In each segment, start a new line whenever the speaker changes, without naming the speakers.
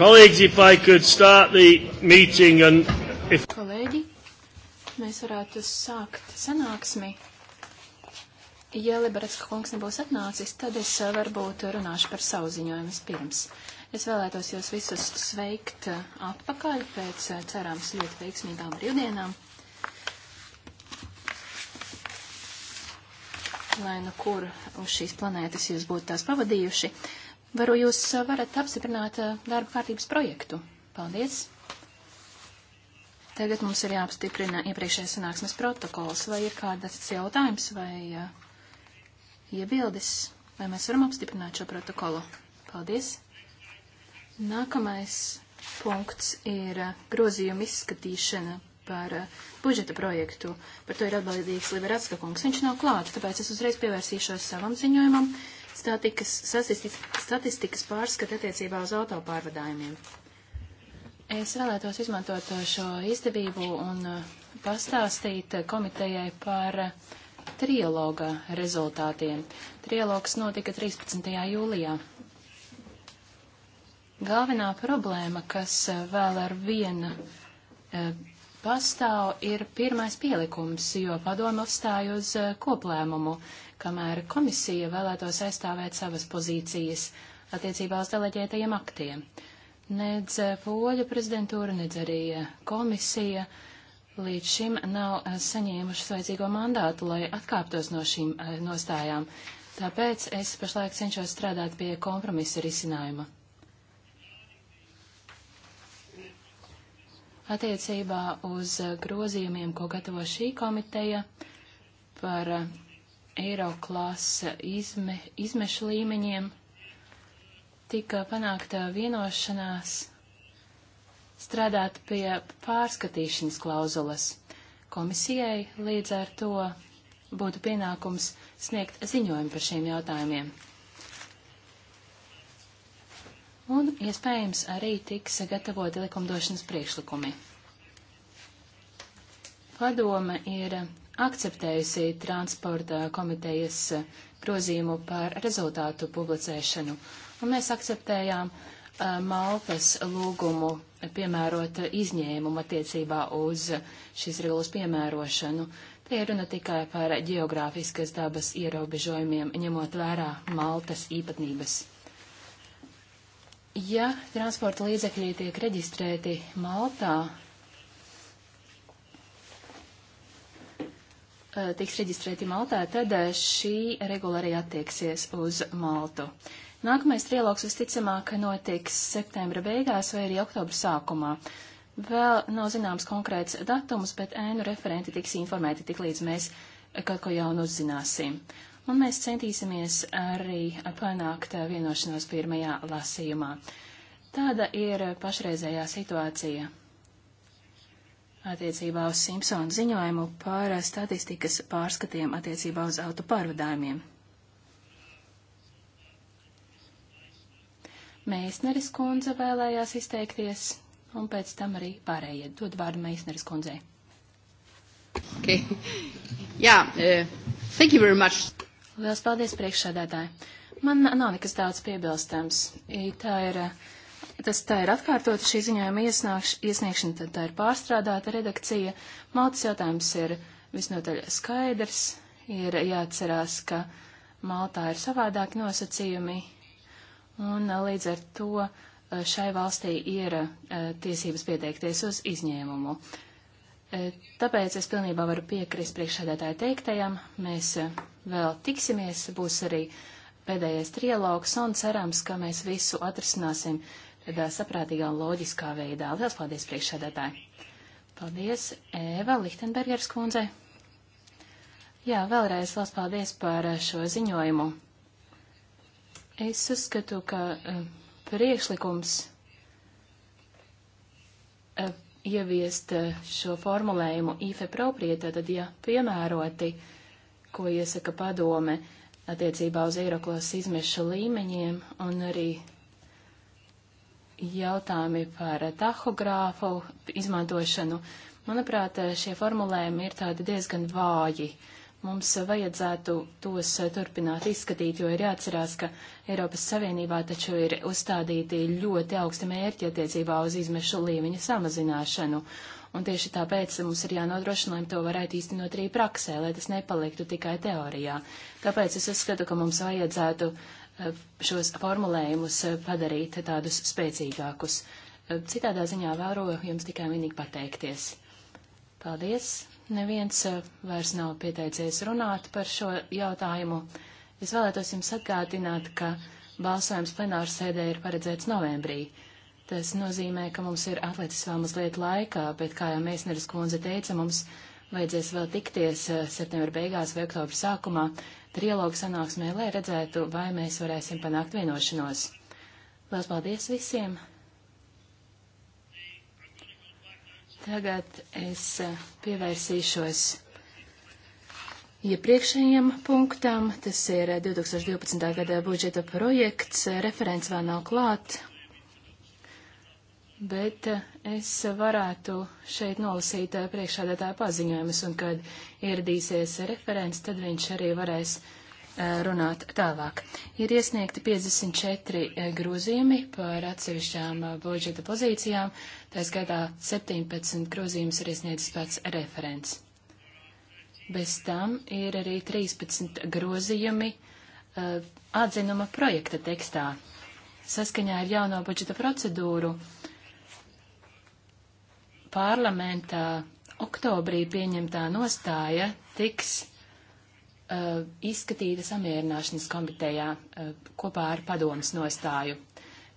Kolēģi, if I could start the meeting and if...
Kolēģi, mēs varētu sākt sanāksmi. Ja Liberatska kungs nebūs atnācis, tad es eh, varbūt runāšu par savu ziņojumu pirms. Es vēlētos jūs visus sveikt eh, atpakaļ pēc eh, cerams ļoti veiksmīgām brīvdienām. Lai nu kur uz šīs planētas jūs būtu tās pavadījuši. Uh, Varu jūs eh, varat apstiprināt eh, darba kārtības projektu. Paldies! Tagad mums ir jāapstiprina iepriekšējais sanāksmes protokols. Vai ir kādas jautājums vai eh, iebildes? Vai mēs varam apstiprināt šo protokolu? Paldies! Nākamais punkts ir grozījuma izskatīšana par budžeta projektu. Par to ir atbildīgs Liberatska kungs. Viņš nav klāt, tāpēc es uzreiz pievērsīšos savam ziņojumam statikas, statistikas pārskata attiecībā uz autopārvadājumiem. Es vēlētos izmantot uh, šo izdevību un uh, pastāstīt uh, komitejai par trialoga rezultātiem. Trialogs notika 13. jūlijā. Galvenā problēma, kas vēl ar vienu pastāv, ir pirmais pielikums, jo padomu uzstāj uz eh, koplēmumu, kamēr komisija vēlētos aizstāvēt savas pozīcijas attiecībā uz deleģētajiem aktiem. Nedz eh, poļu prezidentūra, nedz arī eh, komisija līdz šim nav saņēmušas vajadzīgo mandātu, lai atkāptos no šīm nostājām. Tāpēc es pašlaik cenšos strādāt pie kompromisa risinājuma. attiecībā uz grozījumiem, ko gatavo šī komiteja par eh, eiro klasa izme, izmešu līmeņiem, tika panākta vienošanās strādāt pie pārskatīšanas klauzulas. Komisijai līdz ar to būtu pienākums sniegt ziņojumu par šiem jautājumiem. Un iespējams arī tiks sagatavoti likumdošanas priekšlikumi. Padome ir akceptējusi transporta komitejas grozījumu par rezultātu publicēšanu, un mēs akceptējām eh, Maltas lūgumu piemērot izņēmumu attiecībā uz šīs regulas piemērošanu. Te ir runa tikai par geogrāfiskas dabas ierobežojumiem, ņemot vērā Maltas īpatnības. Ja transporta līdzekļi tiek reģistrēti Maltā, Eh, tiks reģistrēti Maltā, tad eh, šī regula arī attieksies uz Maltu. Nākamais trialogs visticamāk notiks septembra beigās vai arī oktobra sākumā. Vēl nav zināms konkrēts datums, bet ēnu referenti tiks informēti tik līdz mēs kaut ko jaunu uzzināsim. Un mēs centīsimies arī panākt vienošanos pirmajā lasījumā. Tāda ir pašreizējā situācija attiecībā uz Simpsonu ziņojumu par statistikas pārskatiem attiecībā uz auto pārvadājumiem. Meisneris kundze vēlējās izteikties, un pēc tam arī pārējie. Dod vārdu Meisneris kundzei. Okay. Jā, yeah, uh, thank you very much. Liels paldies priekšsēdētāji. Man nav nekas daudz piebilstams. Tā ir uh, Tas tā ir atkārtot šī ziņojuma iesnākš, iesniegšana, tad tā ir pārstrādāta redakcija. Maltas jautājums ir visnotaļ skaidrs, ir jāatcerās, ka Maltā ir savādāki nosacījumi, un līdz ar to šai valstī ir tiesības pieteikties uz izņēmumu. E, tāpēc es pilnībā varu piekrist priekšsēdētāju teiktajam. Mēs vēl tiksimies, būs arī pēdējais trialogs un cerams, ka mēs visu atrisināsim tādā saprātīgā un loģiskā veidā. Lielas paldies priekšsēdētāji! Paldies Eva Lichtenbergers kundzei! Jā, vēlreiz liels paldies par eh, šo ziņojumu. Es uzskatu, ka uh, priekšlikums uh, ieviest uh, šo formulējumu IFE proprietā, tad, ja piemēroti, ko iesaka padome attiecībā uz Eiroklas izmešu līmeņiem un arī jautājumi par tahogrāfu izmantošanu. Manuprāt, šie formulējumi ir tādi diezgan vāji. Mums vajadzētu tos turpināt izskatīt, jo ir jāatcerās, ka Eiropas Savienībā taču ir uzstādīti ļoti augsti mērķi attiecībā uz izmešu līmeņa samazināšanu. Un tieši tāpēc mums ir jānodrošina, lai to varētu īstenot arī praksē, lai tas nepaliktu tikai teorijā. Tāpēc es uzskatu, ka mums vajadzētu uh, šos formulējumus padarīt tādus spēcīgākus. Citādā ziņā vēroju jums tikai vienīgi pateikties. Paldies! Neviens eh, vairs nav pieteicies runāt par šo jautājumu. Es vēlētos jums atgādināt, ka balsojums plenāru sēdē ir paredzēts novembrī. Tas nozīmē, ka mums ir atlicis vēl mazliet laikā, bet, kā jau Mēsneris kundze teica, mums vajadzēs vēl tikties eh, septembra beigās vai oktobra sākumā, trilogu sanāksmē, lai redzētu, vai mēs varēsim panākt vienošanos. Lielas paldies visiem! Tagad es eh, pievērsīšos iepriekšējiem ja punktam. Tas ir 2012. Eh, gada budžeta projekts. Referents vēl nav klāt bet eh, es varētu šeit nolasīt eh, priekšādātāja paziņojumus, un kad ieradīsies referents, tad viņš arī varēs eh, runāt tālāk. Ir iesniegti 54 grozījumi par atsevišķām budžeta pozīcijām, tā skaitā 17 grozījumus ir iesniedzis pats referents. Bez tam ir arī 13 grozījumi atzinuma projekta tekstā. Saskaņā ar jauno budžeta procedūru uh, parlamentā oktobrī pieņemtā nostāja tiks uh, izskatīta samierināšanas komitejā uh, kopā ar padomas nostāju.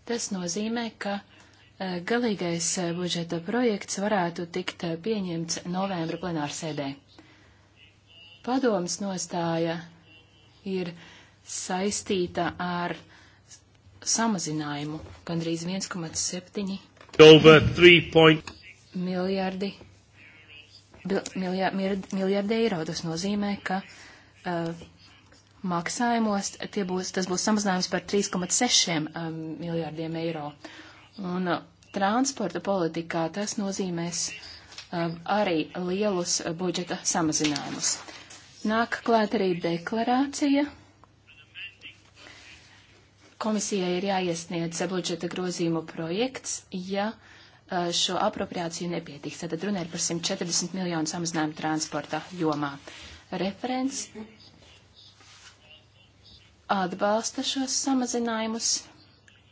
Tas nozīmē, ka uh, galīgais uh, budžeta projekts varētu tikt uh, pieņemts novembra plenārsēdē. Padomas nostāja ir saistīta ar samazinājumu gandrīz 1,7.
Over 3
miljardi, miljard, miljardi eiro. Tas nozīmē, ka uh, maksājumos būs, tas būs samazinājums par 3,6 um, miljārdiem eiro. Un uh, transporta politikā tas nozīmēs uh, arī lielus uh, budžeta samazinājumus. Nāk klāt arī deklarācija. Komisijai ir jāiesniedz budžeta grozījumu projekts, ja uh, Eh, šo apropriāciju nepietiks. Tad runa ir par 140 miljonu samazinājumu transporta jomā. Referents atbalsta šos samazinājumus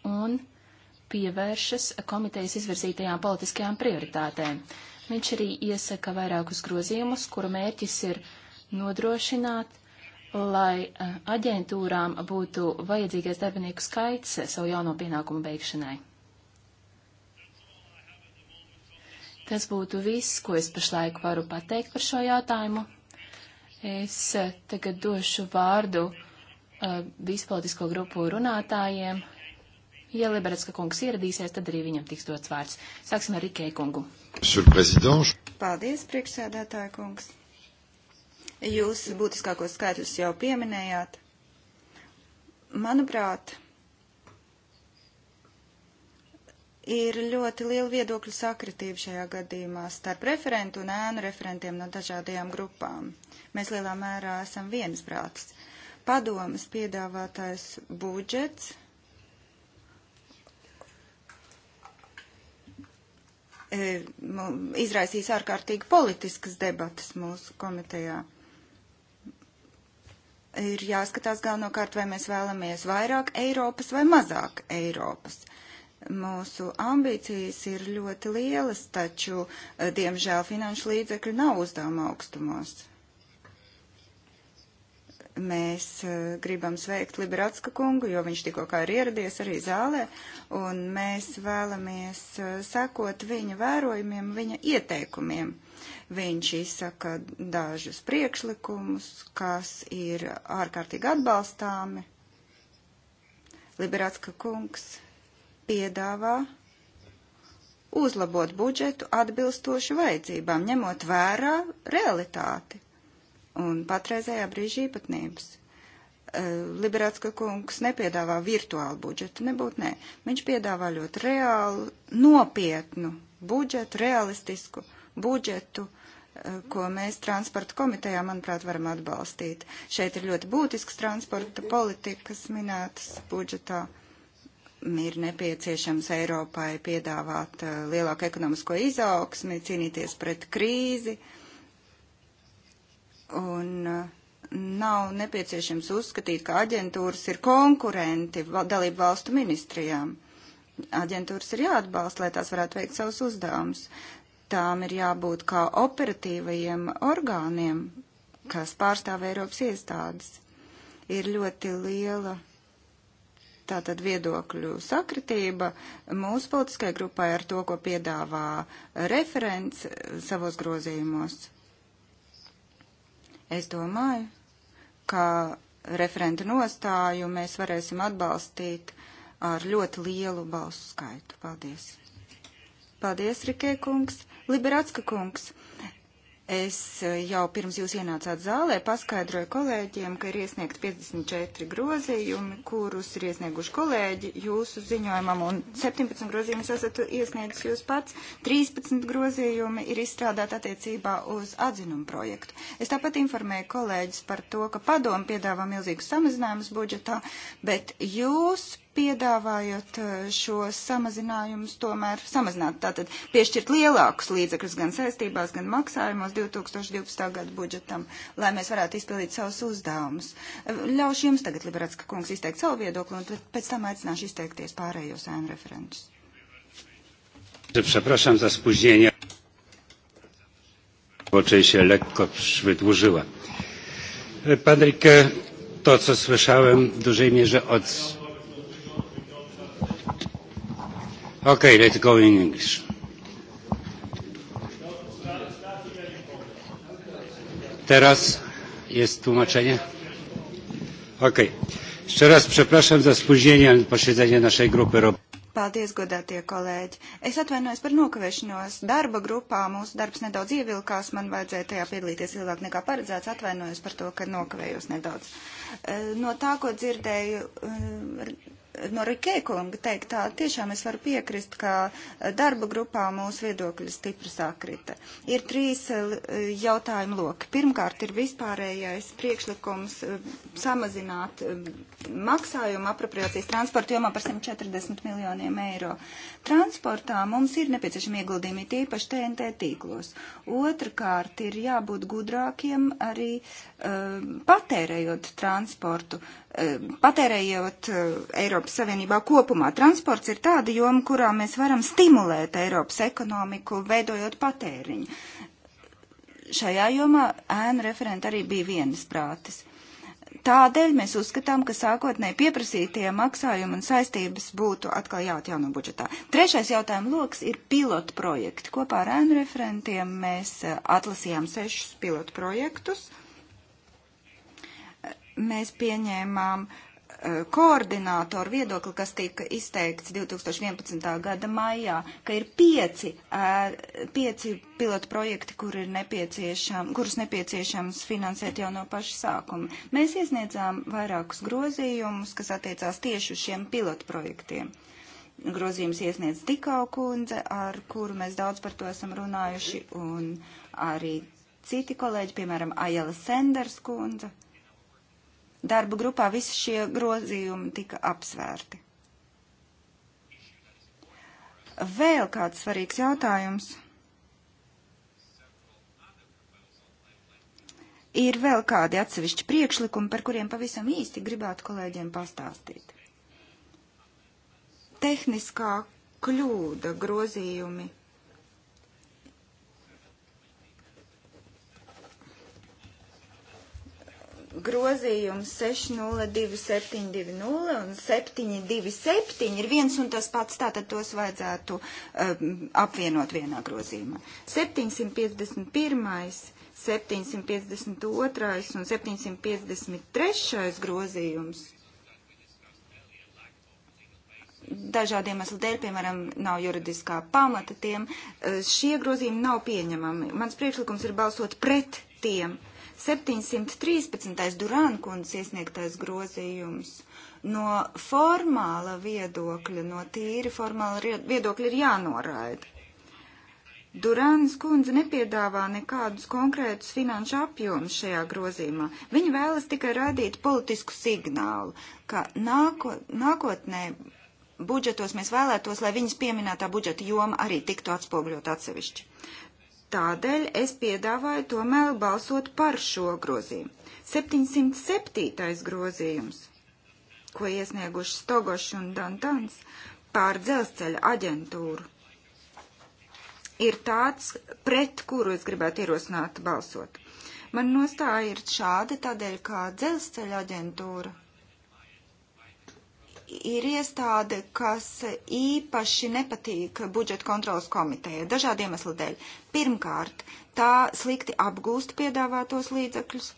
un pievēršas komitejas izvirzītajām politiskajām prioritātēm. Viņš arī iesaka vairākus grozījumus, kuru mērķis ir nodrošināt, lai eh, aģentūrām būtu vajadzīgais darbinieku skaits savu jauno pienākumu beigšanai. Tas būtu viss, ko es pašlaik varu pateikt par šo jautājumu. Es eh, tagad došu vārdu uh, vispolitisko grupu runātājiem. Ja Liberatska kungs ieradīsies, tad arī viņam tiks dots vārds. Sāksim ar Rikēju kungu.
Paldies, priekšsēdētāja kungs. Jūs būtiskākos skaitļus jau pieminējāt. Manuprāt, ir ļoti liela viedokļu sakritība šajā gadījumā starp referentu un ēnu referentiem no dažādajām grupām. Mēs lielā mērā esam viensprātis. Padomas piedāvātais budžets e, izraisīs ārkārtīgi politiskas debatas mūsu komitejā ir jāskatās galvenokārt, vai mēs vēlamies vairāk Eiropas vai mazāk Eiropas. Mūsu ambīcijas ir ļoti lielas, taču, eh, diemžēl, finanšu līdzekļi nav uzdevuma augstumos. Mēs eh, gribam sveikt Liberatska kungu, jo viņš tikko kā ir ieradies arī zālē, un mēs vēlamies eh, sekot viņa vērojumiem, viņa ieteikumiem. Viņš izsaka dažus priekšlikumus, kas ir ārkārtīgi atbalstāmi. Liberatska kungs piedāvā uzlabot budžetu atbilstoši vajadzībām, ņemot vērā realitāti un patreizējā brīža īpatnības. Eh, Liberācka kungs nepiedāvā virtuālu budžetu, nebūtu nē. Viņš piedāvā ļoti reālu, nopietnu budžetu, realistisku budžetu, eh, ko mēs transporta komitejā, manuprāt, varam atbalstīt. Šeit ir ļoti būtisks transporta politikas minētas budžetā. Uh, ir nepieciešams Eiropai piedāvāt eh, lielāku ekonomisko izaugsmi, cīnīties pret krīzi. Un eh, nav nepieciešams uzskatīt, ka aģentūras ir konkurenti dalību valstu ministrijām. Aģentūras ir jāatbalsta, lai tās varētu veikt savus uzdevumus. Tām ir jābūt kā operatīvajiem orgāniem, kas pārstāv Eiropas iestādes. Ir ļoti liela tātad viedokļu sakritība mūsu politiskajai grupai ar to, ko piedāvā referents savos grozījumos. Es domāju, ka referenta nostāju mēs varēsim atbalstīt ar ļoti lielu balsu skaitu. Paldies! Paldies, Rikē kungs! Liberatska kungs! Es eh, jau pirms jūs ienācāt zālē paskaidroju kolēģiem, ka ir iesniegt 54 grozījumi, kurus ir iesnieguši kolēģi jūsu ziņojumam, un 17 grozījumus esat iesniedzis jūs pats, 13 grozījumi ir izstrādāti attiecībā uz atzinumu projektu. Es tāpat informēju kolēģis par to, ka padomu piedāvā milzīgus samazinājumus budžetā, bet jūs piedāvājot eh, šos samazinājumus, tomēr samazināt, tātad piešķirt lielākus līdzekļus gan saistībās, gan maksājumos 2012. gada budžetam, lai mēs varētu izpildīt savus uzdevumus. Eh, ļaušu jums tagad, Liberatska kungs, izteikt savu viedokli, un pēc tam aicināšu izteikties pārējos ēnu referentus.
Przepraszam za spóźnienie. Oczy się lekko wydłużyła.
Patryk, to co słyszałem w dużej mierze od
Okay, let's go in English. Teraz jest
tłumaczenie? Okej. Okay. Jeszcze raz przepraszam za spóźnienie posiedzenia naszej grupy roboczej.
Paldies, godātie kolēģi! Es atvainojos par nokavēšanos. Darba grupā mūsu darbs nedaudz ievilkās, man vajadzēja tajā piedalīties ilgāk nekā paredzēts. Atvainojos par to, ka nokavējos nedaudz. Eh, no tā, ko dzirdēju, eh, no Rikēkunga teiktā tiešām es varu piekrist, ka darba grupā mūsu viedokļi stipri sakrita. Ir trīs eh, eh, jautājumu loki. Pirmkārt ir vispārējais priekšlikums eh, samazināt maksājumu apropriācijas transporta jomā par 140 miljoniem eiro. Transportā mums ir nepieciešami ieguldījumi tīpaši TNT tīklos. Otrakārt ir jābūt gudrākiem arī uh, patērējot transportu. Uh, patērējot eh, Eiropas Savienībā kopumā. Transports ir tāda joma, kurā mēs varam stimulēt Eiropas ekonomiku, veidojot patēriņu. Šajā jomā ēnu referenta arī bija vienas prātes. Tādēļ mēs uzskatām, ka sākotnēji pieprasītie maksājumi un saistības būtu atkal jāatjauno budžetā. Trešais jautājuma lokus ir pilotu projekti. Kopā ar ēnu referentiem mēs eh, atlasījām sešus pilotu projektus. Uh, mēs pieņēmām eh, koordinātoru viedokli, kas tika izteikts 2011. gada maijā, ka ir pieci, eh, pieci pilotu projekti, kur ir nepieciešam, kurus nepieciešams finansēt jau no paša sākuma. Mēs iesniedzām vairākus grozījumus, kas attiecās tieši uz šiem pilotu projektiem. Grozījums iesniedz Tikau kundze, ar kuru mēs daudz par to esam runājuši, un arī citi kolēģi, piemēram, Ajala Senders kundze. Darba grupā visi šie grozījumi tika apsvērti. Vēl kāds svarīgs jautājums. Ir vēl kādi atsevišķi priekšlikumi, par kuriem pavisam īsti gribētu kolēģiem pastāstīt. Tehniskā kļūda grozījumi grozījums 602720 un 727 ir viens un tas pats, tātad tos vajadzētu um, apvienot vienā grozījumā. 751, 752 un 753 grozījums dažādiem iemeslu dēļ, piemēram, nav juridiskā pamata tiem, uh, šie grozījumi nav pieņemami. Mans priekšlikums ir balsot pret tiem 713. Durankundas iesniegtais grozījums. No formāla viedokļa, no tīri formāla viedokļa ir jānoraida. Durānas kundze nepiedāvā nekādus konkrētus finanšu apjomus šajā grozījumā. Viņa vēlas tikai radīt politisku signālu, ka nāko, nākotnē budžetos mēs vēlētos, lai viņas pieminētā budžeta joma arī tiktu atspogļot atsevišķi. Tādēļ es piedāvāju tomēr balsot par šo grozījumu. 707. grozījums, ko iesnieguši Stogošs un Dantans pār dzelzceļa aģentūru, ir tāds, pret kuru es gribētu ierosināt balsot. Man nostāja ir šāda, tādēļ kā dzelzceļa aģentūra ir iestāde, kas īpaši nepatīk budžeta kontrolas komiteja dažādiem iemeslu dēļ. Pirmkārt, tā slikti apgūst piedāvātos līdzekļus.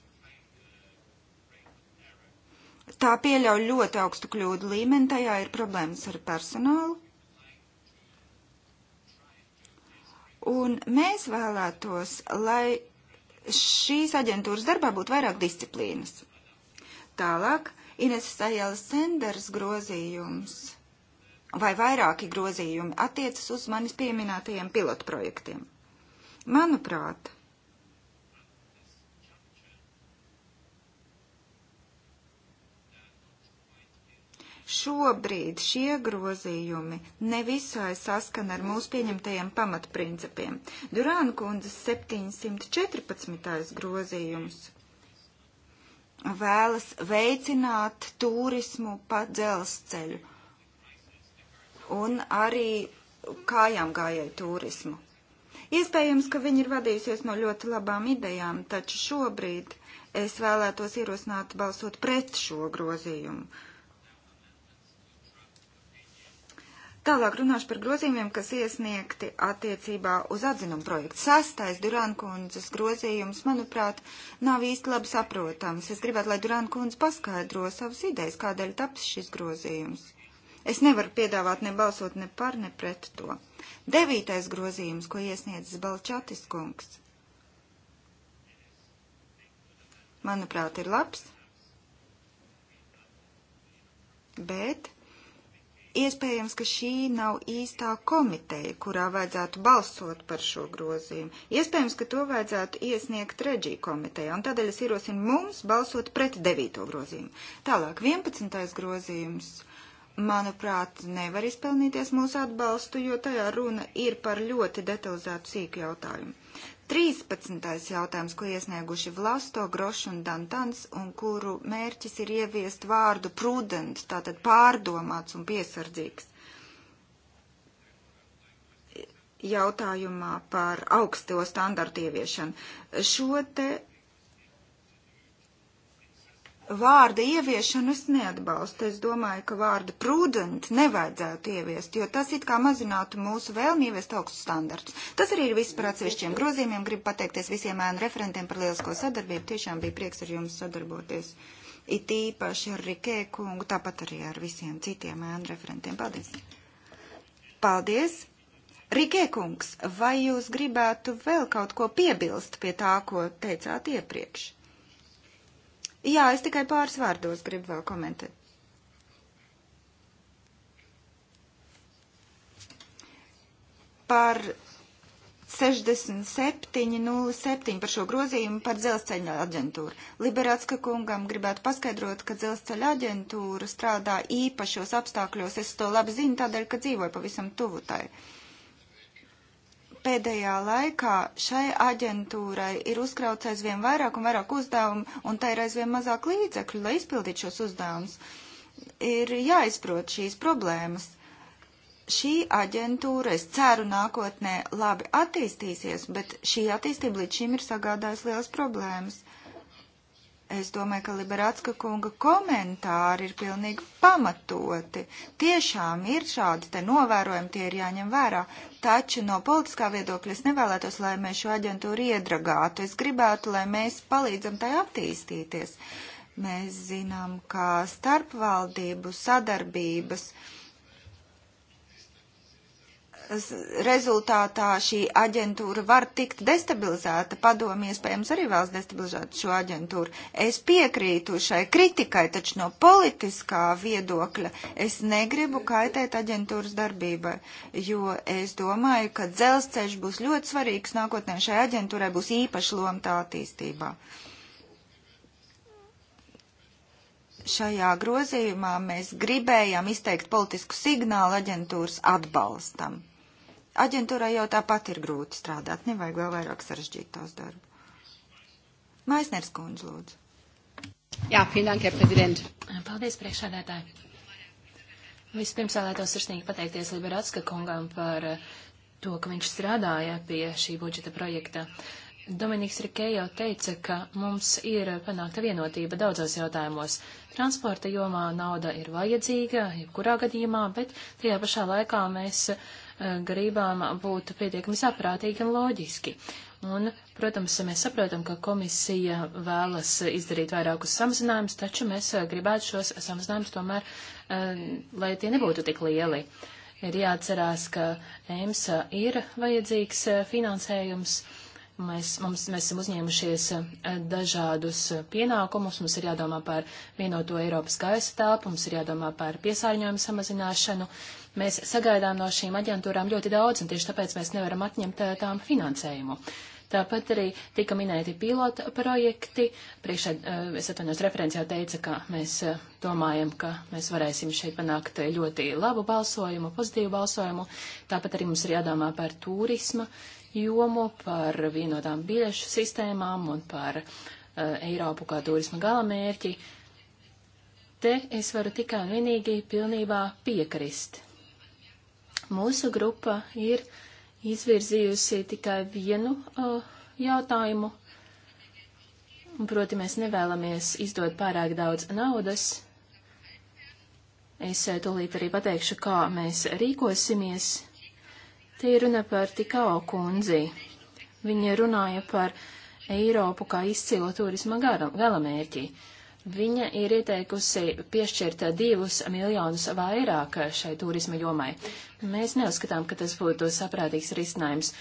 Tā pieļauj ļoti augstu kļūdu līmeni, tajā ir problēmas ar personālu. Un mēs vēlētos, lai šīs aģentūras darbā būtu vairāk disciplīnas. Tālāk Ines Sajala Senders grozījums vai vairāki grozījumi attiecas uz manis pieminētajiem pilotprojektiem. Manuprāt, šobrīd šie grozījumi nevisai saskana ar mūsu pieņemtajiem pamatprincipiem. Durāna kundzes 714. grozījums vēlas veicināt turismu pa dzelzceļu un arī kājām gājēju turismu. Iespējams, ka viņi ir vadījusies no ļoti labām idejām, taču šobrīd es vēlētos ierosināt balsot pret šo grozījumu. Tālāk runāšu par grozījumiem, kas iesniegti attiecībā uz atzinumu projektu. Sastais Durankundzes grozījums, manuprāt, nav īsti labi saprotams. Es gribētu, lai Durankundze paskaidro savas idejas, kādēļ taps šis grozījums. Es nevaru piedāvāt ne balsot ne par, ne pret to. Devītais grozījums, ko iesniedzis Balčatis kungs. Manuprāt, ir labs, bet Iespējams, ka šī nav īstā komiteja, kurā vajadzētu balsot par šo grozījumu. Iespējams, ka to vajadzētu iesniegt reģiju komiteja, un tādēļ es ierosinu mums balsot pret devīto grozījumu. Tālāk, 11. grozījums manuprāt, nevar izpelnīties mūsu atbalstu, jo tajā runa ir par ļoti detalizētu sīku jautājumu. 13. jautājums, ko iesnieguši Vlasto, Grošs un Dantans, un kuru mērķis ir ieviest vārdu prudent, tātad pārdomāts un piesardzīgs. Jautājumā par augsto standartu ieviešanu. Šo te vārda ieviešanu es neatbalstu. Es domāju, ka vārdu prudent nevajadzētu ieviest, jo tas it kā mazinātu mūsu vēlmi ieviest augstus standartus. Tas arī ir viss par atsevišķiem grozījumiem. Gribu pateikties visiem ēnu referentiem par lielisko sadarbību. Tiešām bija prieks ar jums sadarboties. It īpaši ar Rikē kungu, tāpat arī ar visiem citiem ēnu referentiem. Paldies! Paldies! Rikē kungs, vai jūs gribētu vēl kaut ko piebilst pie tā, ko teicāt iepriekš? Jā, es tikai pāris vārdos gribu vēl komentēt. Par 67.07 par šo grozījumu par dzelzceļa aģentūru. Liberātska kungam gribētu paskaidrot, ka dzelzceļa aģentūra strādā īpašos apstākļos. Es to labi zinu, tādēļ, ka dzīvoju pavisam tuvu tai. Uh, Pēdējā laikā šai aģentūrai ir uzkrauts aizvien vairāk un vairāk uzdevumu, un tā ir aizvien mazāk līdzekļu, lai izpildītu šos uzdevumus. Ir jāizprot šīs problēmas. Šī aģentūra, es ceru, nākotnē labi attīstīsies, bet šī attīstība līdz šim ir sagādājusi liels problēmas Es domāju, ka Liberatska kunga komentāri ir pilnīgi pamatoti. Tiešām ir šādi te novērojumi, tie ir jāņem vērā. Taču no politiskā viedokļa es nevēlētos, lai mēs šo aģentūru iedragātu. Es gribētu, lai mēs palīdzam tai attīstīties. Mēs zinām, ka starpvaldību sadarbības uh, rezultātā šī aģentūra var tikt destabilizēta. Padomi iespējams arī vēlas destabilizēt šo aģentūru. Es piekrītu šai kritikai, taču no politiskā viedokļa es negribu kaitēt aģentūras darbībai, jo es domāju, ka dzelzceļš būs ļoti svarīgs nākotnē. Šai aģentūrai būs īpaša loma tā attīstībā. šajā grozījumā mēs gribējām izteikt politisku signālu aģentūras atbalstam. Aģentūrai jau tāpat ir grūti strādāt, nevajag vēl vairāk sarežģīt tās darbu. Maisners kundze, lūdzu. Jā, finank, Herr Prezident.
Paldies, priekšādētāji. Vispirms vēlētos sirsnīgi pateikties Liberatska kungam par eh, to, ka viņš strādāja pie šī budžeta projekta. Dominiks Rikē jau teica, ka mums ir panākta vienotība daudzos jautājumos. Transporta jomā nauda ir vajadzīga, jebkurā gadījumā, bet tajā pašā laikā mēs uh, gribām būt pietiekami saprātīgi un loģiski. Un, protams, mēs saprotam, ka komisija vēlas izdarīt vairākus samazinājumus, taču mēs eh, gribētu šos samazinājumus tomēr, eh, lai tie nebūtu tik lieli. Ir jāatcerās, ka EMSA ir vajadzīgs eh, finansējums Mēs, mums, mēs esam uzņēmušies eh, dažādus eh, pienākumus, mums ir jādomā par vienoto Eiropas gaisa tāpu, mums ir jādomā par piesārņojumu samazināšanu. Mēs sagaidām no šīm aģentūrām ļoti daudz, un tieši tāpēc mēs nevaram atņemt eh, tām finansējumu. Tāpat arī tika minēti pilota projekti. Priekšā, es atvainojos, referents jau teica, ka mēs domājam, ka mēs varēsim šeit panākt ļoti labu balsojumu, pozitīvu balsojumu. Tāpat arī mums ir jādomā par turisma jomu, par vienotām biļešu sistēmām un par uh, Eiropu kā turisma galamērķi. Te es varu tikai un vienīgi pilnībā piekrist. Mūsu grupa ir izvirzījusi tikai vienu uh, jautājumu, proti mēs nevēlamies izdot pārāk daudz naudas. Es eh, tūlīt arī pateikšu, kā mēs rīkosimies. Te ir runa par Tikao kundzi. Viņa runāja par Eiropu kā izcilo turisma galamērķi. Viņa ir ieteikusi piešķirt divus miljonus vairāk šai turisma jomai. Mēs neuzskatām, ka tas būtu saprātīgs risinājums.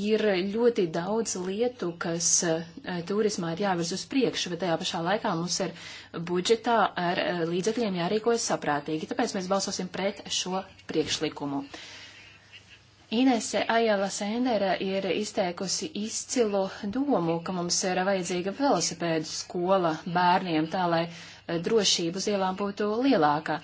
Ir ļoti daudz lietu, kas eh, turismā ir jāvirz uz priekšu, bet tajā pašā laikā mums ir budžetā ar eh, līdzekļiem jārīkojas saprātīgi. Tāpēc mēs balsosim pret šo priekšlikumu. Uh, Inese Ajala Sendera ir izteikusi izcilu domu, ka mums ir vajadzīga velosipēdu skola bērniem, tā lai eh, drošība uz ielām būtu lielāka.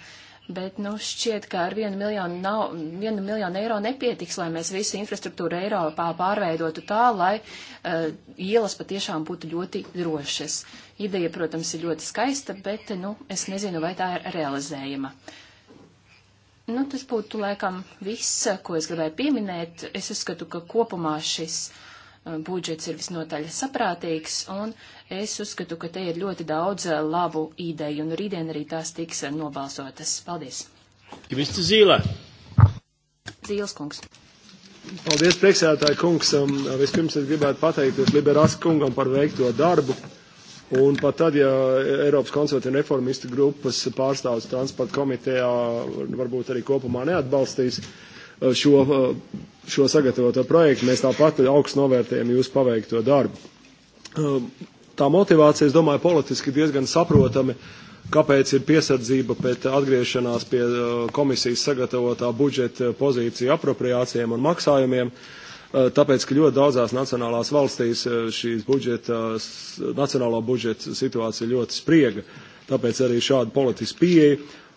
Bet, nu, šķiet, ka ar vienu miljonu, nav, vienu miljonu eiro nepietiks, lai mēs visu infrastruktūru Eiropā pārveidotu tā, lai uh, ielas patiešām būtu ļoti drošas. Ideja, protams, ir ļoti skaista, bet, nu, es nezinu, vai tā ir realizējama. Uh, Nu, tas būtu laikam viss, ko es gribēju pieminēt. Es uzskatu, ka kopumā šis uh, budžets ir visnotaļ saprātīgs, un es uzskatu, ka te ir ļoti daudz uh, labu ideju, un rītdien arī tās tiks uh, nobalsotas. Paldies!
Vistu Zīlē!
Zīles kungs!
Paldies, priekšsēdētāji kungs! Um, vispirms es gribētu pateikties Liberāsku kungam par veikto darbu. Un pat tad, ja Eiropas konservatīva reformistu grupas pārstāvs transporta komitejā varbūt arī kopumā neatbalstīs eh, šo, eh, šo sagatavoto projektu, mēs tāpat augstu novērtējam jūsu paveikto darbu. Eh, tā motivācija, es domāju, politiski diezgan saprotami, kāpēc ir piesardzība pēc atgriešanās pie komisijas sagatavotā budžeta pozīcija apropriācijiem un maksājumiem. Uh, Tāpēc, ka ļoti daudzās nacionālās valstīs šīs budžeta, nacionālā budžeta situācija ļoti spriega, tāpēc arī šāda politiska pieeja,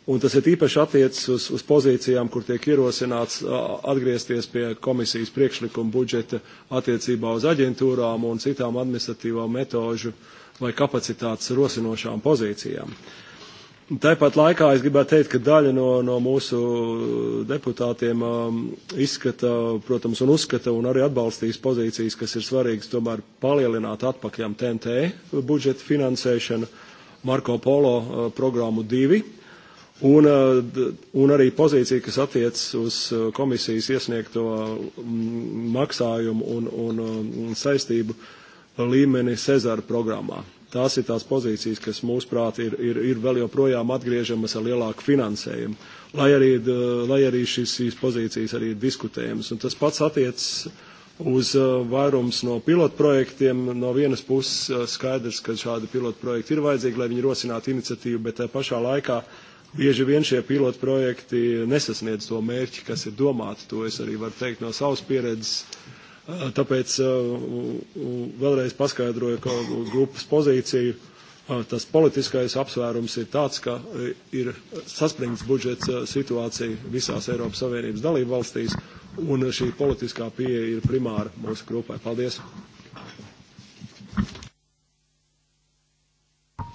un tas ir īpaši attiecis uz, uz pozīcijām, kur tiek ierosināts atgriezties pie komisijas priekšlikuma budžeta attiecībā uz aģentūrām un citām administratīvām metožu vai kapacitātes rosinošām pozīcijām. Uh, Tāpat laikā es gribētu teikt, ka daļa no, no mūsu deputātiem um, izskata, protams, un uzskata un arī atbalstīs pozīcijas, kas ir svarīgas tomēr palielināt atpakaļam TNT budžeta finansēšanu, Marko Polo uh, programmu 2 un, uh, un arī pozīcija, kas attiec uz uh, komisijas iesniegto mm, maksājumu un, un, uh, un saistību līmeni Cezara programmā. Tās ir tās pozīcijas, kas mūsuprāt ir, ir, ir vēl joprojām atgriežamas ar lielāku finansējumu, lai arī, lai arī šis, šīs pozīcijas arī ir diskutējamas. Un tas pats attiecas uz vairums no pilotprojektiem. No vienas puses skaidrs, ka šādi pilotprojekti ir vajadzīgi, lai viņi rosinātu iniciatīvu, bet tajā pašā laikā bieži vien šie pilotprojekti nesasniedz to mērķi, kas ir domāti. To es arī varu teikt no savas pieredzes. Tāpēc vēlreiz paskaidroju, ka grupas pozīciju tas politiskais apsvērums ir tāds, ka ir saspringts budžets situācija visās Eiropas Savienības dalību valstīs, un šī politiskā pieeja ir primāra mūsu grupai. Paldies!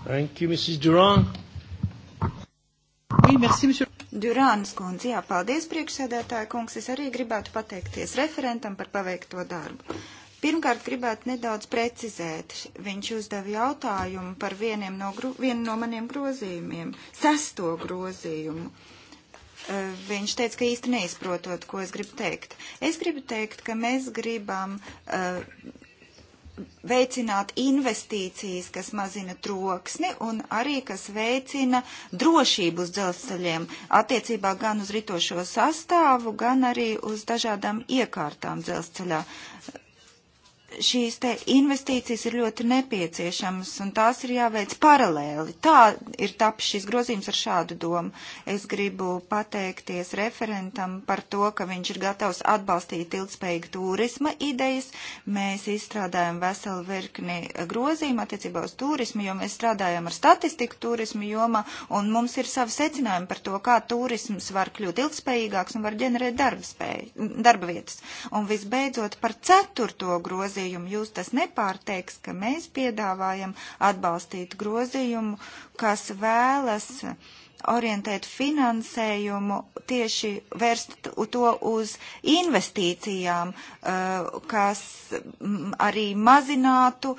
Thank you, Mrs. Durand.
Oui, merci, monsieur. Durānas kundze, jā, paldies priekšsēdētāja kungs, es arī gribētu pateikties referentam par paveikto darbu. Pirmkārt, gribētu nedaudz precizēt. Viņš uzdeva jautājumu par vieniem no, gru, vienu no maniem grozījumiem, sesto grozījumu. E, viņš teica, ka īsti neizprotot, ko es gribu teikt. Es gribu teikt, ka mēs gribam uh, veicināt investīcijas, kas mazina troksni un arī, kas veicina drošību uz dzelzceļiem, attiecībā gan uz ritošo sastāvu, gan arī uz dažādām iekārtām dzelzceļā šīs te investīcijas ir ļoti nepieciešamas un tās ir jāveic paralēli. Tā ir tapis šis grozījums ar šādu domu. Es gribu pateikties referentam par to, ka viņš ir gatavs atbalstīt ilgspējīgu turisma idejas. Mēs izstrādājam veselu virkni grozījumu attiecībā uz turismu, jo mēs strādājam ar statistiku turismu jomā un mums ir savi secinājumi par to, kā turisms var kļūt ilgspējīgāks un var ģenerēt darba, spēju, darba vietas. Un visbeidzot par ceturto grozījumu grozījumu. Jūs tas nepārteiks, ka mēs piedāvājam atbalstīt grozījumu, kas vēlas orientēt finansējumu tieši vērst to uz investīcijām, uh, kas mm, arī mazinātu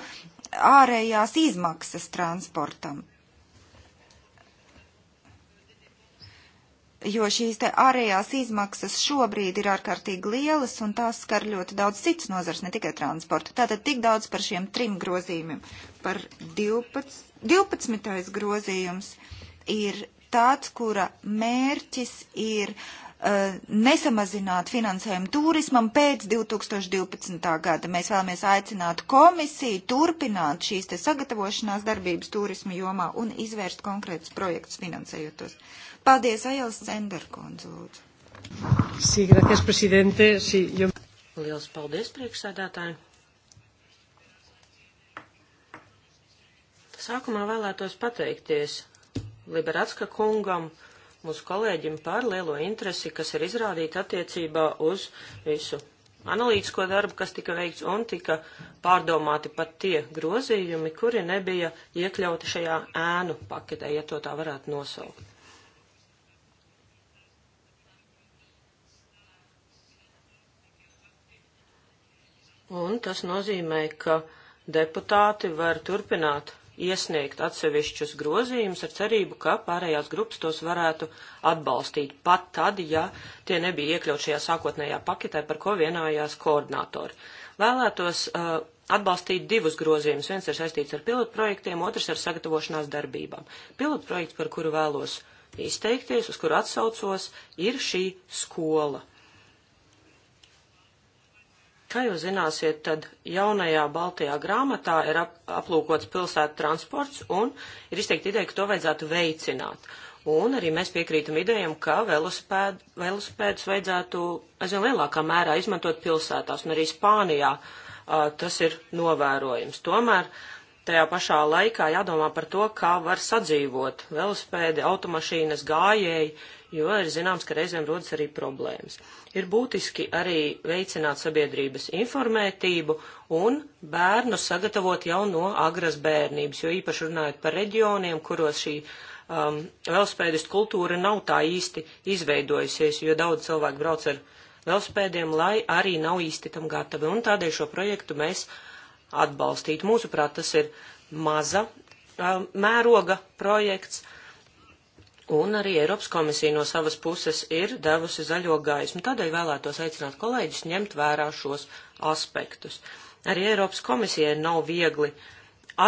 ārējās izmaksas transportam. jo šīs te ārējās izmaksas šobrīd ir ārkārtīgi lielas un tās skar ļoti daudz cits nozars, ne tikai transporta. Tātad tik daudz par šiem trim grozījumiem. Par 12, 12. grozījums ir tāds, kura mērķis ir uh, Uh, nesamazināt finansējumu turismam pēc 2012. gada. Mēs vēlamies aicināt komisiju turpināt šīs te sagatavošanās darbības turismu jomā un izvērst konkrētus projektus finansējotos. Paldies, Ajels Zenderkundze, lūdzu.
Sí, gracias, presidente. Sí, yo... Liels paldies, priekšsēdētāji. Sākumā vēlētos pateikties Liberatska kungam mūsu kolēģim par lielo interesi, kas ir izrādīta attiecībā uz visu analītisko darbu, kas tika veikts, un tika pārdomāti pat tie grozījumi, kuri nebija iekļauti šajā ēnu paketē, ja to tā varētu nosaukt. Un tas nozīmē, ka deputāti var turpināt iesniegt atsevišķus grozījumus ar cerību, ka pārējās grupas tos varētu atbalstīt pat tad, ja tie nebija iekļaut šajā sākotnējā paketē, par ko vienājās koordinātori. Vēlētos uh, atbalstīt divus grozījumus. Viens ir saistīts ar pilotprojektiem, otrs ar sagatavošanās darbībām. Pilotprojekts, par kuru vēlos izteikties, uz kuru atsaucos, ir šī skola Kā jūs zināsiet, tad jaunajā Baltijā grāmatā ir ap, aplūkots pilsētu transports un ir izteikti ideja, ka to vajadzētu veicināt. Un arī mēs piekrītam idejam, ka velosipēd, velosipēdus vajadzētu aizvien lielākā mērā izmantot pilsētās, un arī Spānijā a, tas ir novērojams. Tomēr tajā pašā laikā jādomā par to, kā var sadzīvot velosipēdi, automašīnas, gājēji, jo ir zināms, ka reizēm rodas arī problēmas. Ir būtiski arī veicināt sabiedrības informētību un bērnu sagatavot jau no agras bērnības, jo īpaši runājot par reģioniem, kuros šī um, velospēdistu kultūra nav tā īsti izveidojusies, jo daudz cilvēku brauc ar velospēdiem, lai arī nav īsti tam gatavi. Un tādēļ šo projektu mēs atbalstītu. Mūsuprāt, tas ir maza um, mēroga projekts, Un arī Eiropas komisija no savas puses ir devusi zaļo gaismu, tādēļ vēlētos aicināt kolēģis ņemt vērā šos aspektus. Arī Eiropas komisijai nav viegli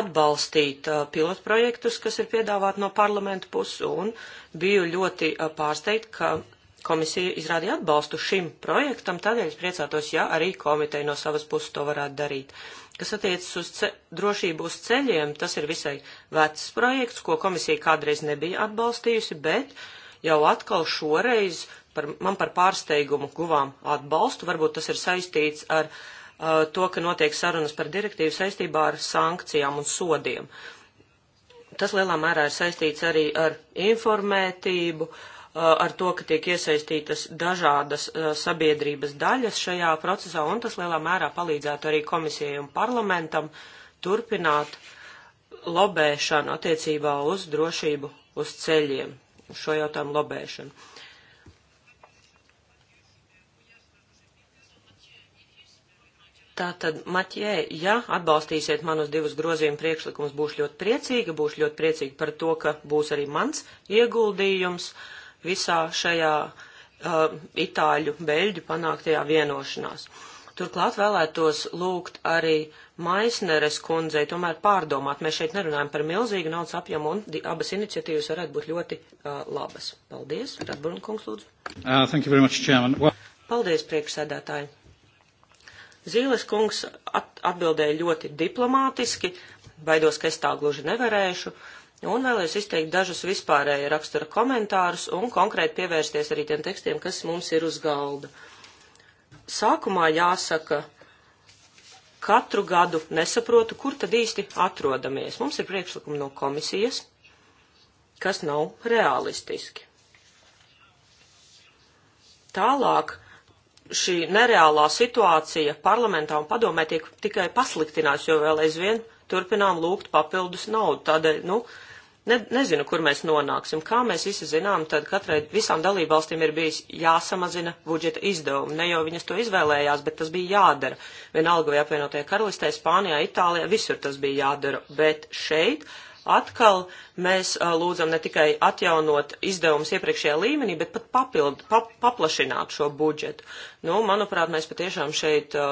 atbalstīt uh, pilotprojektus, kas ir piedāvāti no parlamenta puses, un biju ļoti uh, pārsteigta, ka Komisija izrādīja atbalstu šim projektam, tādēļ es priecātos, ja arī komiteja no savas puses to varētu darīt. Kas attiecas uz ce drošību uz ceļiem, tas ir visai vecs projekts, ko komisija kādreiz nebija atbalstījusi, bet jau atkal šoreiz par, man par pārsteigumu guvām atbalstu. Varbūt tas ir saistīts ar uh, to, ka notiek sarunas par direktīvu saistībā ar sankcijām un sodiem. Tas lielā mērā ir saistīts arī ar informētību. Uh, Uh, ar to, ka tiek iesaistītas dažādas uh, sabiedrības daļas šajā procesā, un tas lielā mērā palīdzētu arī komisijai un parlamentam turpināt lobēšanu attiecībā uz drošību uz ceļiem, uz šo jautājumu lobēšanu. Tātad, Maķē, ja atbalstīsiet manus divus grozījumu priekšlikumus, būšu ļoti priecīga, būšu ļoti priecīga par to, ka būs arī mans ieguldījums. Uh, visā šajā uh, itāļu beļģu panāktajā vienošanās. Turklāt vēlētos lūgt arī Maisneres kundzei tomēr pārdomāt. Mēs šeit nerunājam par milzīgu naudas apjomu un abas iniciatīvas varētu būt ļoti uh, labas. Paldies. Radburn kungs lūdzu.
Uh, thank you very much, Chairman. Well...
Paldies, priekšsēdētāji. Zīles kungs at atbildēja ļoti diplomātiski. Baidos, ka es tā gluži nevarēšu. Uh, Un vēlēs izteikt dažus vispārēja rakstura komentārus un konkrēti pievērsties arī tiem tekstiem, kas mums ir uz galda. Sākumā jāsaka, katru gadu nesaprotu, kur tad īsti atrodamies. Mums ir priekšlikumi no komisijas, kas nav realistiski. Tālāk šī nereālā situācija parlamentā un padomē tiek tikai pasliktinās, jo vēl aizvien turpinām lūgt papildus naudu. Tādēļ, nu, ne, nezinu, kur mēs nonāksim. Kā mēs visi zinām, tad katrai visām dalībvalstīm ir bijis jāsamazina budžeta izdevumi. Ne jau viņas to izvēlējās, bet tas bija jādara. Vienalga vai apvienotajā karalistē, Spānijā, Itālijā, visur tas bija jādara. Bet šeit atkal mēs a, lūdzam ne tikai atjaunot izdevumus iepriekšējā līmenī, bet pat papild, pap, paplašināt šo budžetu. Nu, manuprāt, mēs patiešām šeit a,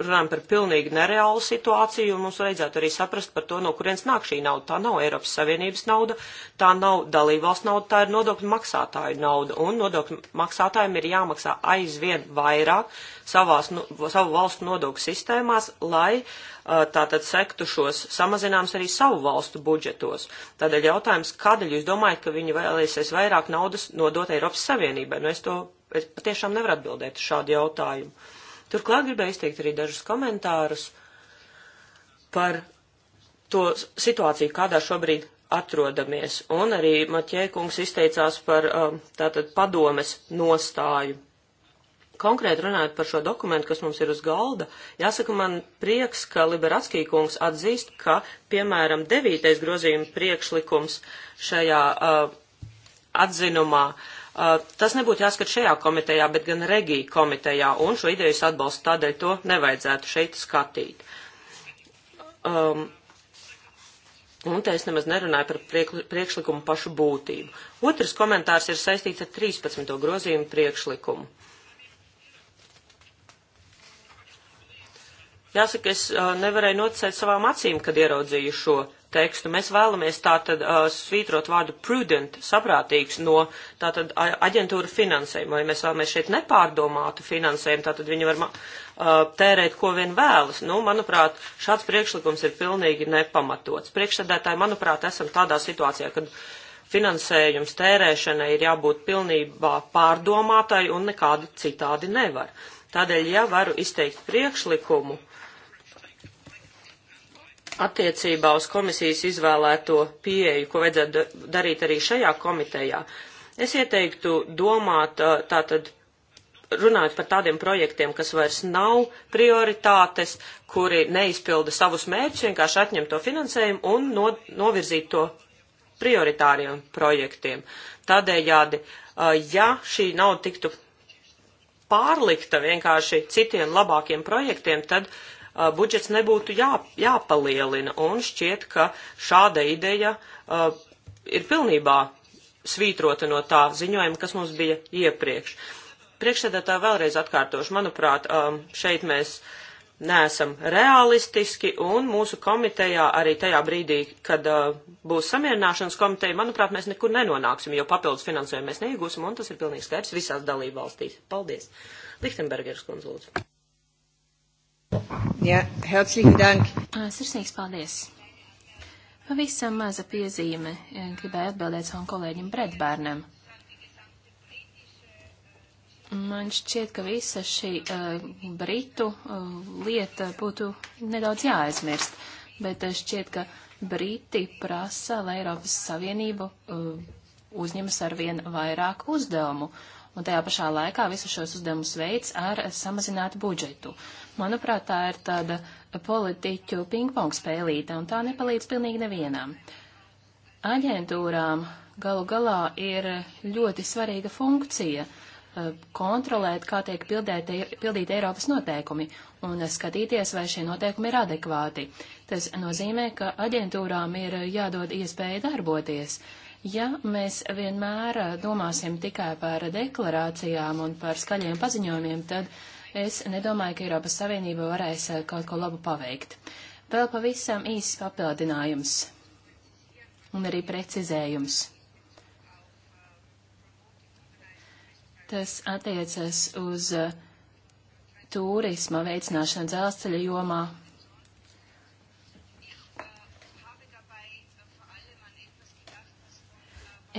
runājam par pilnīgi nereālu situāciju, un mums vajadzētu arī saprast par to, no kurienes nāk šī nauda. Tā nav Eiropas Savienības nauda, tā nav dalībvalsts nauda, tā ir nodokļu maksātāju nauda, un nodokļu maksātājiem ir jāmaksā aizvien vairāk savās, nu, savu valstu nodokļu sistēmās, lai uh, tātad sektu šos samazinājums arī savu valstu budžetos. Tādēļ jautājums, kādēļ jūs domājat, ka viņi vēlēsies vairāk naudas nodot Eiropas Savienībai? Nu, es to es patiešām nevaru atbildēt uz šādu jautājumu. Turklāt gribēju izteikt arī dažus komentārus par to situāciju, kādā šobrīd atrodamies. Un arī Maķēkungs izteicās par um, tātad padomes nostāju. Konkrēti runājot par šo dokumentu, kas mums ir uz galda, jāsaka man prieks, ka Liberatskī kungs atzīst, ka, piemēram, devītais grozījuma priekšlikums šajā uh, atzinumā uh, Uh, tas nebūtu jāskat šajā komitejā, bet gan regī komitejā, un šo ideju es atbalstu tādēļ to nevajadzētu šeit skatīt. Um, un te es nemaz nerunāju par priekšlikumu pašu būtību. Otrs komentārs ir saistīts ar 13. grozījumu priekšlikumu. Jāsaka, es uh, nevarēju noticēt savām acīm, kad ieraudzīju šo tekstu. Mēs vēlamies tātad uh, svītrot vārdu prudent, saprātīgs no tātad aģentūra finansējuma, lai mēs vēlamies šeit nepārdomātu finansējumu, tātad viņi var uh, tērēt, ko vien vēlas. Nu, manuprāt, šāds priekšlikums ir pilnīgi nepamatots. Priekšsēdētāji, manuprāt, esam tādā situācijā, kad finansējums tērēšanai ir jābūt pilnībā pārdomātai un nekādi citādi nevar. Tādēļ, ja varu izteikt priekšlikumu, uh, attiecībā uz komisijas izvēlēto pieeju, ko vajadzētu darīt arī šajā komitejā, es ieteiktu domāt tātad runājot par tādiem projektiem, kas vairs nav prioritātes, kuri neizpilda savus mērķus, vienkārši atņem to finansējumu un no, novirzīt to prioritāriem projektiem. Tādējādi, ja šī nauda tiktu pārlikta vienkārši citiem labākiem projektiem, tad uh, uh, budžets nebūtu jā, jāpalielina, un šķiet, ka šāda ideja uh, ir pilnībā svītrota no tā ziņojuma, kas mums bija iepriekš. Priekšsēdētāji vēlreiz atkārtošu, manuprāt, um, šeit mēs neesam realistiski, un mūsu komitejā arī tajā brīdī, kad uh, būs samierināšanas komiteja, manuprāt, mēs nekur nenonāksim, jo papildus finansējumu mēs neiegūsim, un tas ir pilnīgi skaidrs visās dalībvalstīs. Paldies! Lichtenbergers konsultants. Jā, herzlichen dank.
Ah, sirsnīgs paldies. Pavisam maza piezīme. Eh, gribēju atbildēt savam kolēģim Bredbērnam. Man šķiet, ka visa šī uh, britu uh, lieta būtu nedaudz jāaizmirst, bet uh, šķiet, ka briti prasa, lai Eiropas Savienību uh, uzņemas ar vien vairāk uzdevumu, un tajā pašā laikā visu šos uzdevumus veids ar samazinātu budžetu. Manuprāt, tā ir tāda politiķu pingpong spēlīta, un tā nepalīdz pilnīgi nevienam. Aģentūrām galu galā ir ļoti svarīga funkcija eh, kontrolēt, kā tiek pildēti, pildīti Eiropas noteikumi un skatīties, vai šie noteikumi ir adekvāti. Tas nozīmē, ka aģentūrām ir jādod iespēja darboties. Ja mēs vienmēr domāsim tikai par deklarācijām un par skaļiem paziņojumiem, tad es nedomāju, ka Eiropas Savienība varēs kaut ko labu paveikt. Vēl pavisam īsts papildinājums un arī precizējums. Tas attiecas uz turisma veicināšanu dzelzceļa jomā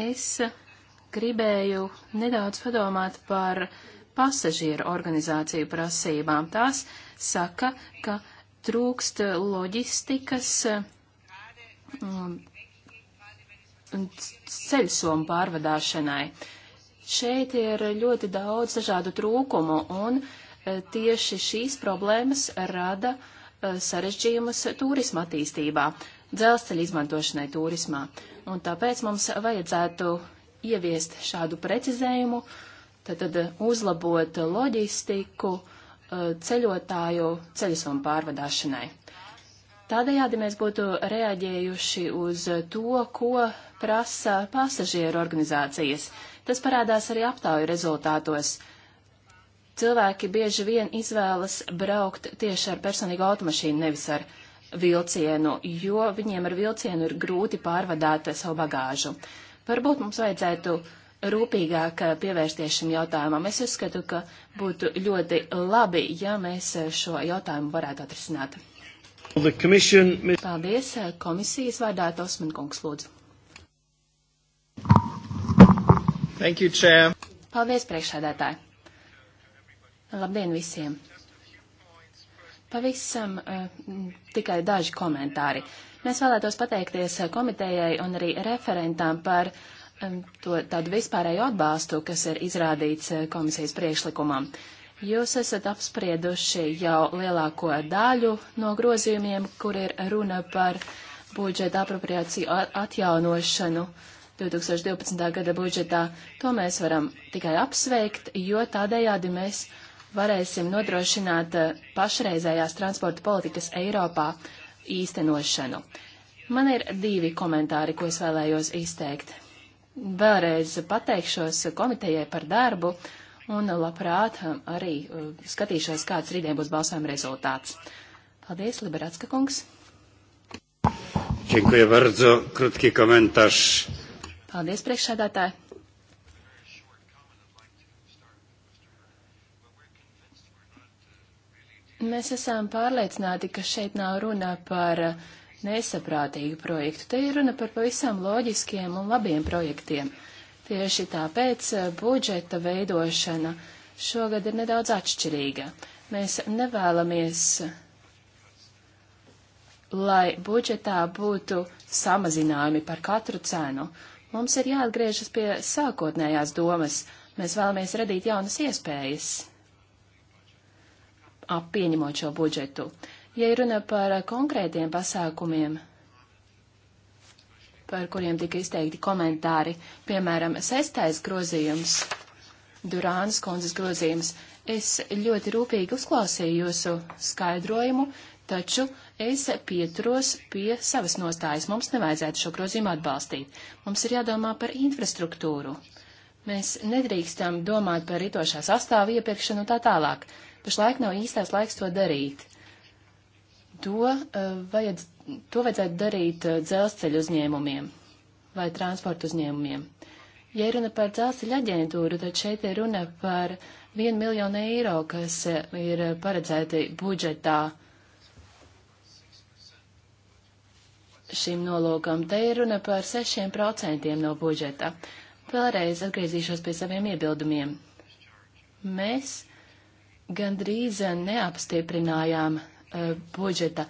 Es gribēju nedaudz padomāt par pasažieru organizāciju prasībām. Tās saka, ka trūkst loģistikas mm, ceļsomu pārvadāšanai. Šeit ir ļoti daudz dažādu trūkumu, un eh, tieši šīs problēmas rada eh, sarežģījumus turisma attīstībā dzelzceļa izmantošanai turismā. Un tāpēc mums vajadzētu ieviest šādu precizējumu, tad, tad uh, uzlabot loģistiku uh, ceļotāju ceļasuma pārvadāšanai. Tādējādi mēs būtu reaģējuši uz uh, to, ko prasa pasažieru organizācijas. Tas parādās arī aptauju rezultātos. Cilvēki bieži vien izvēlas braukt tieši ar personīgu automašīnu, nevis ar uh, vilcienu, jo viņiem ar vilcienu ir grūti pārvadāt savu bagāžu. Varbūt mums vajadzētu rūpīgāk pievērsties šim jautājumam. Es uzskatu, ka būtu ļoti labi, ja mēs šo jautājumu varētu atrisināt. Commission... Paldies. Komisijas vārdā Tosman kungs lūdzu. Thank you, Chair. Paldies, priekšsēdētāji. Labdien visiem! Pavisam eh, tikai daži komentāri. Mēs vēlētos pateikties eh, komitejai un arī referentām par to tādu vispārēju atbalstu, kas ir izrādīts eh, komisijas priekšlikumam. Jūs esat apsprieduši jau lielāko daļu no grozījumiem, kur ir runa par budžeta apropriāciju atjaunošanu 2012. gada budžetā. To mēs varam tikai apsveikt, jo tādējādi mēs varēsim nodrošināt eh, pašreizējās transporta politikas Eiropā īstenošanu. Man ir divi komentāri, ko es vēlējos izteikt. Vēlreiz pateikšos komitejai par darbu un labprāt eh, arī eh, skatīšos, kāds rītdien būs balsojuma rezultāts. Paldies, Liberatska kungs.
Dziękuję bardzo. Krótki komentarz.
Paldies, priekšsēdētāji. Mēs esam pārliecināti, ka šeit nav runa par nesaprātīgu projektu. Te ir runa par pavisam loģiskiem un labiem projektiem. Tieši tāpēc eh, budžeta veidošana šogad ir nedaudz atšķirīga. Mēs nevēlamies, lai budžetā būtu samazinājumi par katru cenu. Mums ir jāatgriežas pie sākotnējās domas. Mēs vēlamies radīt jaunas iespējas pieņemot šo budžetu. Ja runa par konkrētiem pasākumiem, par kuriem tika izteikti komentāri, piemēram, sestais grozījums, Durānas kundzes grozījums, es ļoti rūpīgi uzklausīju jūsu skaidrojumu, taču es pieturos pie savas nostājas. Mums nevajadzētu šo grozījumu atbalstīt. Mums ir jādomā par infrastruktūru. Mēs nedrīkstam domāt par ritošā sastāvu iepirkšanu un tā tālāk pašlaik nav īstais laiks to darīt. To, eh, vajadz, to vajadzētu darīt eh, dzelzceļu uzņēmumiem vai transportu uzņēmumiem. Ja runa par dzelzceļa aģentūru, tad šeit ir runa par vienu miljonu eiro, kas eh, ir paredzēti budžetā šim nolūkam. Te ir runa par 6% no budžeta. Vēlreiz atgriezīšos pie saviem iebildumiem. Mēs gandrīz eh, neapstiprinājām uh, budžeta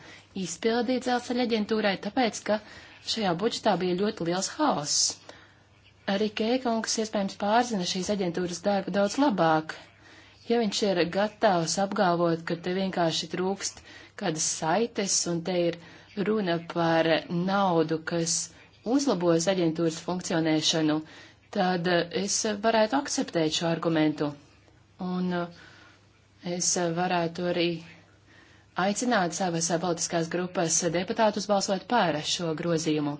izpildi dzelzceļa aģentūrai, tāpēc, ka šajā budžetā bija ļoti liels haoss. Arī Keikungs iespējams pārzina šīs aģentūras darbu daudz labāk. Ja viņš ir gatavs apgalvot, ka te vienkārši trūkst kādas saites un te ir runa par naudu, kas uzlabos aģentūras funkcionēšanu, tad eh, es varētu akceptēt šo argumentu. Un uh, es varētu arī aicināt savas politiskās grupas deputātus balsot pār šo grozījumu.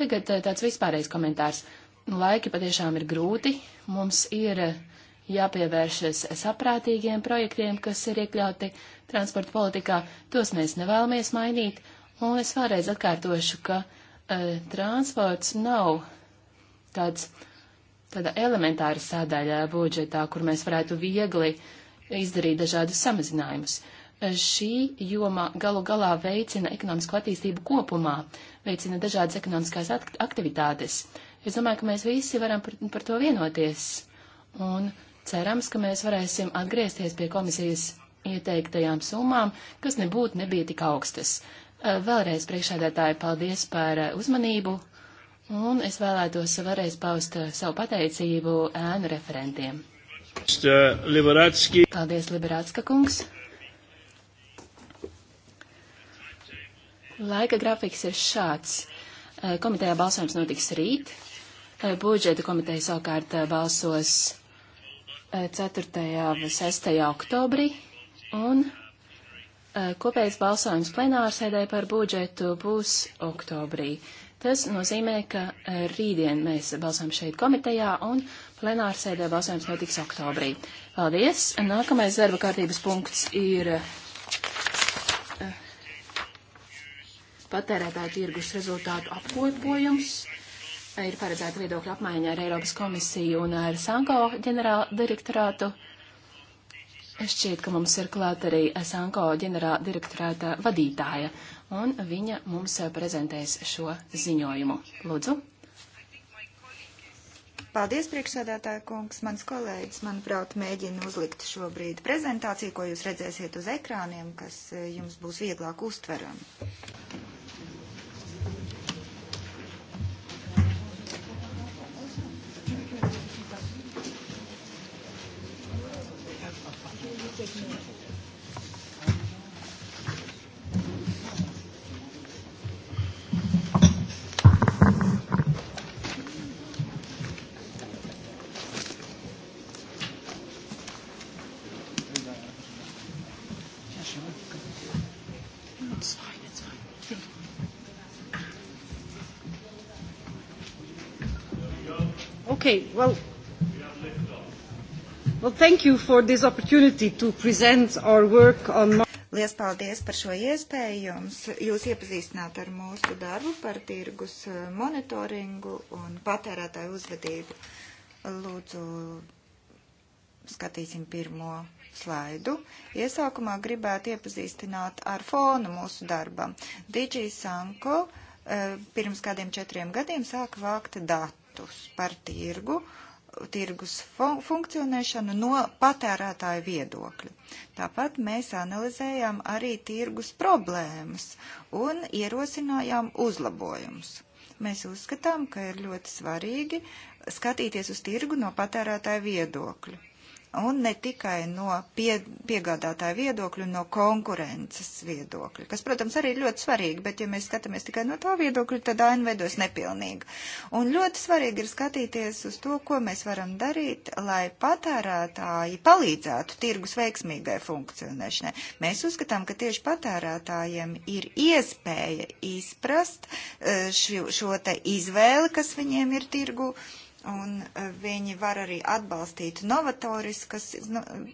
Tagad eh, tāds vispārējais komentārs. Laiki patiešām ir grūti. Mums ir jāpievēršas saprātīgiem projektiem, kas ir iekļauti transporta politikā. Tos mēs nevēlamies mainīt. Un es vēlreiz atkārtošu, ka uh, transports nav tāds, tāda elementāra sadaļa budžetā, kur mēs varētu viegli uh, izdarīja dažādus samazinājumus. Šī joma galu galā veicina ekonomisko attīstību kopumā, veicina dažādas ekonomiskās aktivitātes. Es domāju, ka mēs visi varam par, par to vienoties. Un cerams, ka mēs varēsim atgriezties pie komisijas ieteiktajām summām, kas nebūtu nebija tik augstas. Eh, vēlreiz priekšādētāji paldies par eh, uzmanību, un es vēlētos vēlreiz paust eh, savu pateicību ēnu referentiem. Liberatski. Paldies, Liberātska kungs. Laika grafiks ir šāds. Eh, komitejā balsojums notiks rīt. Eh, budžeta komiteja savukārt eh, balsos 4. vai 6. oktobrī. Un kopējais balsojums plenārsēdē par budžetu būs oktobrī. Tas nozīmē, ka e, rītdien mēs balsojam šeit komitejā un plenārsēdē balsojums notiks oktobrī. Paldies! Nākamais darba kārtības punkts ir e, patērētāju tirgus rezultātu apkopojums. E, ir paredzēta viedokļa apmaiņa ar Eiropas komisiju un ar Sanko ģenerāla direktorātu. Šķiet, ka mums ir klāt arī Sanko ģenerāla direktorāta vadītāja un viņa mums prezentēs šo ziņojumu. Lūdzu!
Paldies, priekšsādātāja kungs. Mans kolēģis, manuprāt, mēģina uzlikt šobrīd prezentāciju, ko jūs redzēsiet uz ekrāniem, kas eh, jums būs vieglāk uztverama. Thank you. Okay, well, well, thank you for this opportunity to present our work on. Lielas paldies par šo iespēju jums. Jūs iepazīstināt ar mūsu darbu par tirgus eh, monitoringu un patērētāju uzvedību. Lūdzu, skatīsim pirmo slaidu. Iesākumā gribētu iepazīstināt ar fonu mūsu darbam. Digi Sanko eh, pirms kādiem četriem gadiem sāka vākt datus datus par tirgu, tirgus fun funkcionēšanu no patērētāja viedokļa. Tāpat mēs analizējām arī tirgus problēmas un ierosinājām uzlabojumus. Mēs uzskatām, ka ir ļoti svarīgi skatīties uz tirgu no patērētāja viedokļa un ne tikai no pie, piegādātāja viedokļa un no konkurences viedokļa, kas, protams, arī ir ļoti svarīgi, bet ja mēs skatāmies tikai no tā viedokļa, tad aina veidos nepilnīga. Un ļoti svarīgi ir skatīties uz to, ko mēs varam darīt, lai patērētāji palīdzētu tirgus veiksmīgai funkcionēšanai. Mēs uzskatām, ka tieši patērētājiem ir iespēja izprast eh, šo, šo te izvēli, kas viņiem ir tirgu. Uh, un e, viņi var arī atbalstīt novatoriskas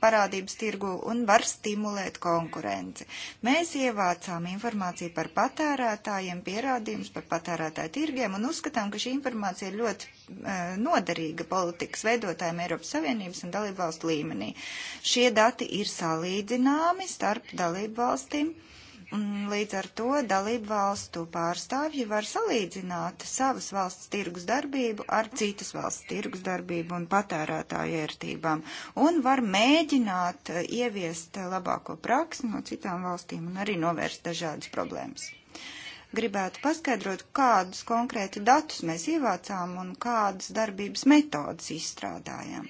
parādības tirgu un var stimulēt konkurenci. Mēs ievācām informāciju par patērētājiem, pierādījumus par patērētāju tirgiem un uzskatām, ka šī informācija ir ļoti uh, noderīga politikas veidotājiem Eiropas Savienības un dalību valstu līmenī. Šie dati ir salīdzināmi starp dalību valstīm. Uh, Līdz ar to dalību valstu pārstāvji var salīdzināt savas valsts tirgus darbību ar citas valsts tirgus darbību un patērētāju ērtībām un var mēģināt eh, ieviest labāko praksi no citām valstīm un arī novērst dažādas problēmas gribētu paskaidrot, kādus konkrēti datus mēs ievācām un kādas darbības metodas izstrādājām.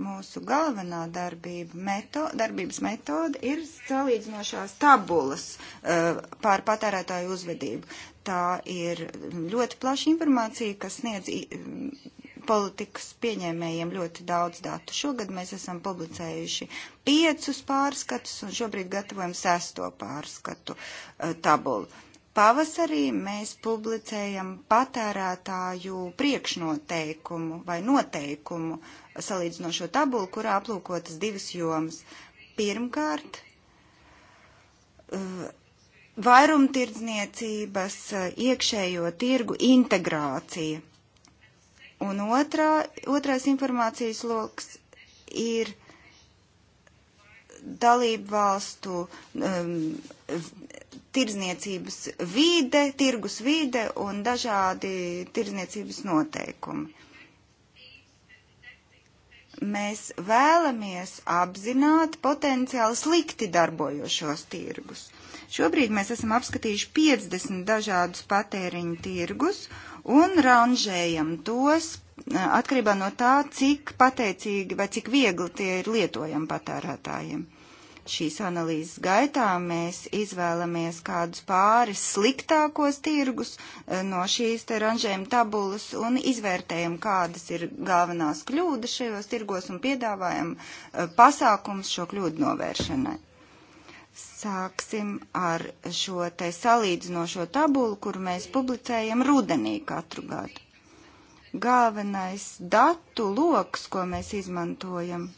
Mūsu galvenā darbība meto, darbības metode ir salīdzinošās tabulas uh, pār patērētāju uzvedību. Tā ir ļoti plaša informācija, kas sniedz mm, politikas pieņēmējiem ļoti daudz datu. Šogad mēs esam publicējuši piecus pārskatus un šobrīd gatavojam sesto pārskatu uh, tabulu. Pavasarī mēs publicējam patērētāju priekšnoteikumu vai noteikumu uh, salīdzinošo tabulu, kurā aplūkotas divas jomas. Pirmkārt, eh, vairumtirdzniecības eh, iekšējo tirgu integrācija. Un otrā, otrais informācijas loks ir dalību valstu um, tirdzniecības vīde, tirgus vīde un dažādi tirdzniecības noteikumi mēs vēlamies apzināt potenciāli slikti darbojošos tirgus. Šobrīd mēs esam apskatījuši 50 dažādus patēriņu tirgus un ranžējam tos eh, atkarībā no tā, cik pateicīgi vai cik viegli tie ir lietojami patērētājiem šīs analīzes gaitā mēs izvēlamies kādus pāris sliktākos tirgus e, no šīs te ranžējuma tabulas un izvērtējam, kādas ir galvenās kļūdas šajos tirgos un piedāvājam e, pasākums šo kļūdu novēršanai. Sāksim ar šo te salīdzinošo tabulu, kuru mēs publicējam rudenī katru gadu. Galvenais datu loks, ko mēs izmantojam,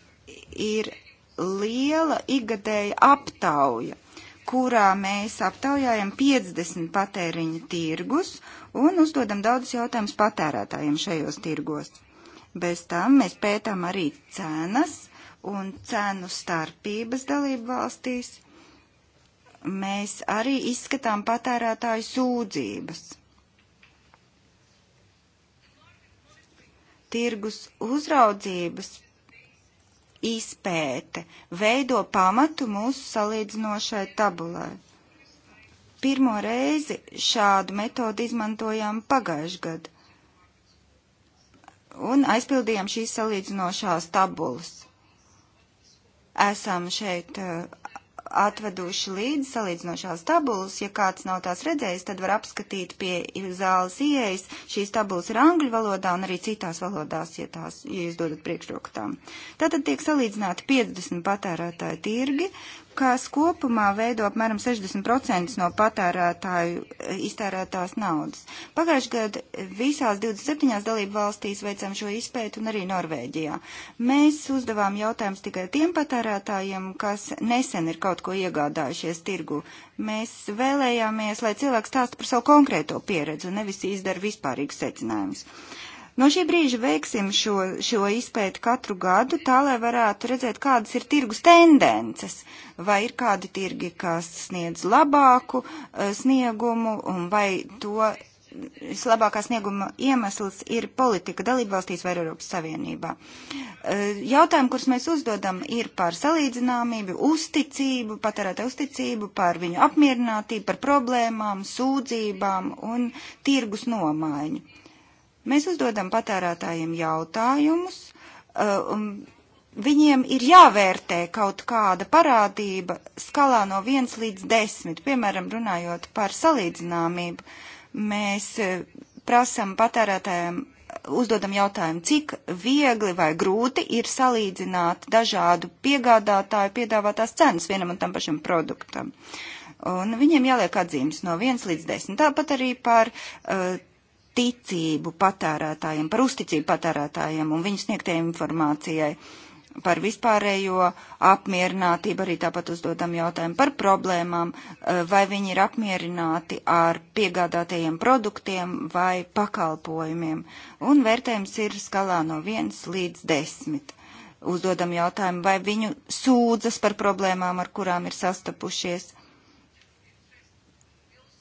ir liela ikgadēja aptauja, kurā mēs aptaujājam 50 patēriņa tirgus un uzdodam daudz jautājumus patērētājiem šajos tirgos. Bez tam mēs pētām arī cenas un cenu starpības dalību valstīs. Mēs arī izskatām patērētāju sūdzības. Tirgus uzraudzības izpēte veido pamatu mūsu salīdzinošai tabulai. Pirmo reizi šādu metodu izmantojām pagājušajā gadā un aizpildījām šīs salīdzinošās tabulas. Esam šeit uh, atveduši līdzi salīdzinošās tabulas. Ja kāds nav tās redzējis, tad var apskatīt pie zāles ieejas. Šīs tabulas ir angļu valodā un arī citās valodās, ja, tās, ja jūs dodat priekšrokatām. Tātad tiek salīdzināti 50 patērētāju tirgi, kas kopumā veido apmēram 60% no patērētāju eh, iztērētās naudas. Pagājuši gadu visās 27 dalību valstīs veicam šo izpētu un arī Norvēģijā. Mēs uzdevām jautājumus tikai tiem patērētājiem, kas nesen ir kaut ko iegādājušies tirgu. Mēs vēlējāmies, lai cilvēks stāsta par savu konkrēto pieredzi un nevis izdara vispārīgus secinājumus. Uh, No šī brīža veiksim šo, šo izpēti katru gadu, tā lai varētu redzēt, kādas ir tirgus tendences, vai ir kādi tirgi, kas sniedz labāku uh, sniegumu, un vai to vislabākā snieguma iemesls ir politika dalībvalstīs vai Eiropas Savienībā. Eh, jautājumi, kurus mēs uzdodam, ir par salīdzināmību, uzticību, patērētā uzticību, par viņu apmierinātību, par problēmām, sūdzībām un tirgus nomaiņu. Mēs uzdodam patērētājiem jautājumus. Um, viņiem ir jāvērtē kaut kāda parādība skalā no 1 līdz 10. Piemēram, runājot par salīdzināmību, mēs eh, prasam patērētājiem, uzdodam jautājumu, cik viegli vai grūti ir salīdzināt dažādu piegādātāju piedāvātās cenas vienam un tam pašam produktam. Un viņiem jāliek atzīmes no 1 līdz 10. Tāpat arī par uh, ticību patērētājiem, par uzticību patērētājiem un viņu sniegtajai informācijai par vispārējo apmierinātību, arī tāpat uzdodam jautājumu par problēmām, eh, vai viņi ir apmierināti ar piegādātajiem produktiem vai pakalpojumiem. Un vērtējums ir skalā no 1 līdz 10. Uzdodam jautājumu, vai viņu sūdzas par problēmām, ar kurām ir sastapušies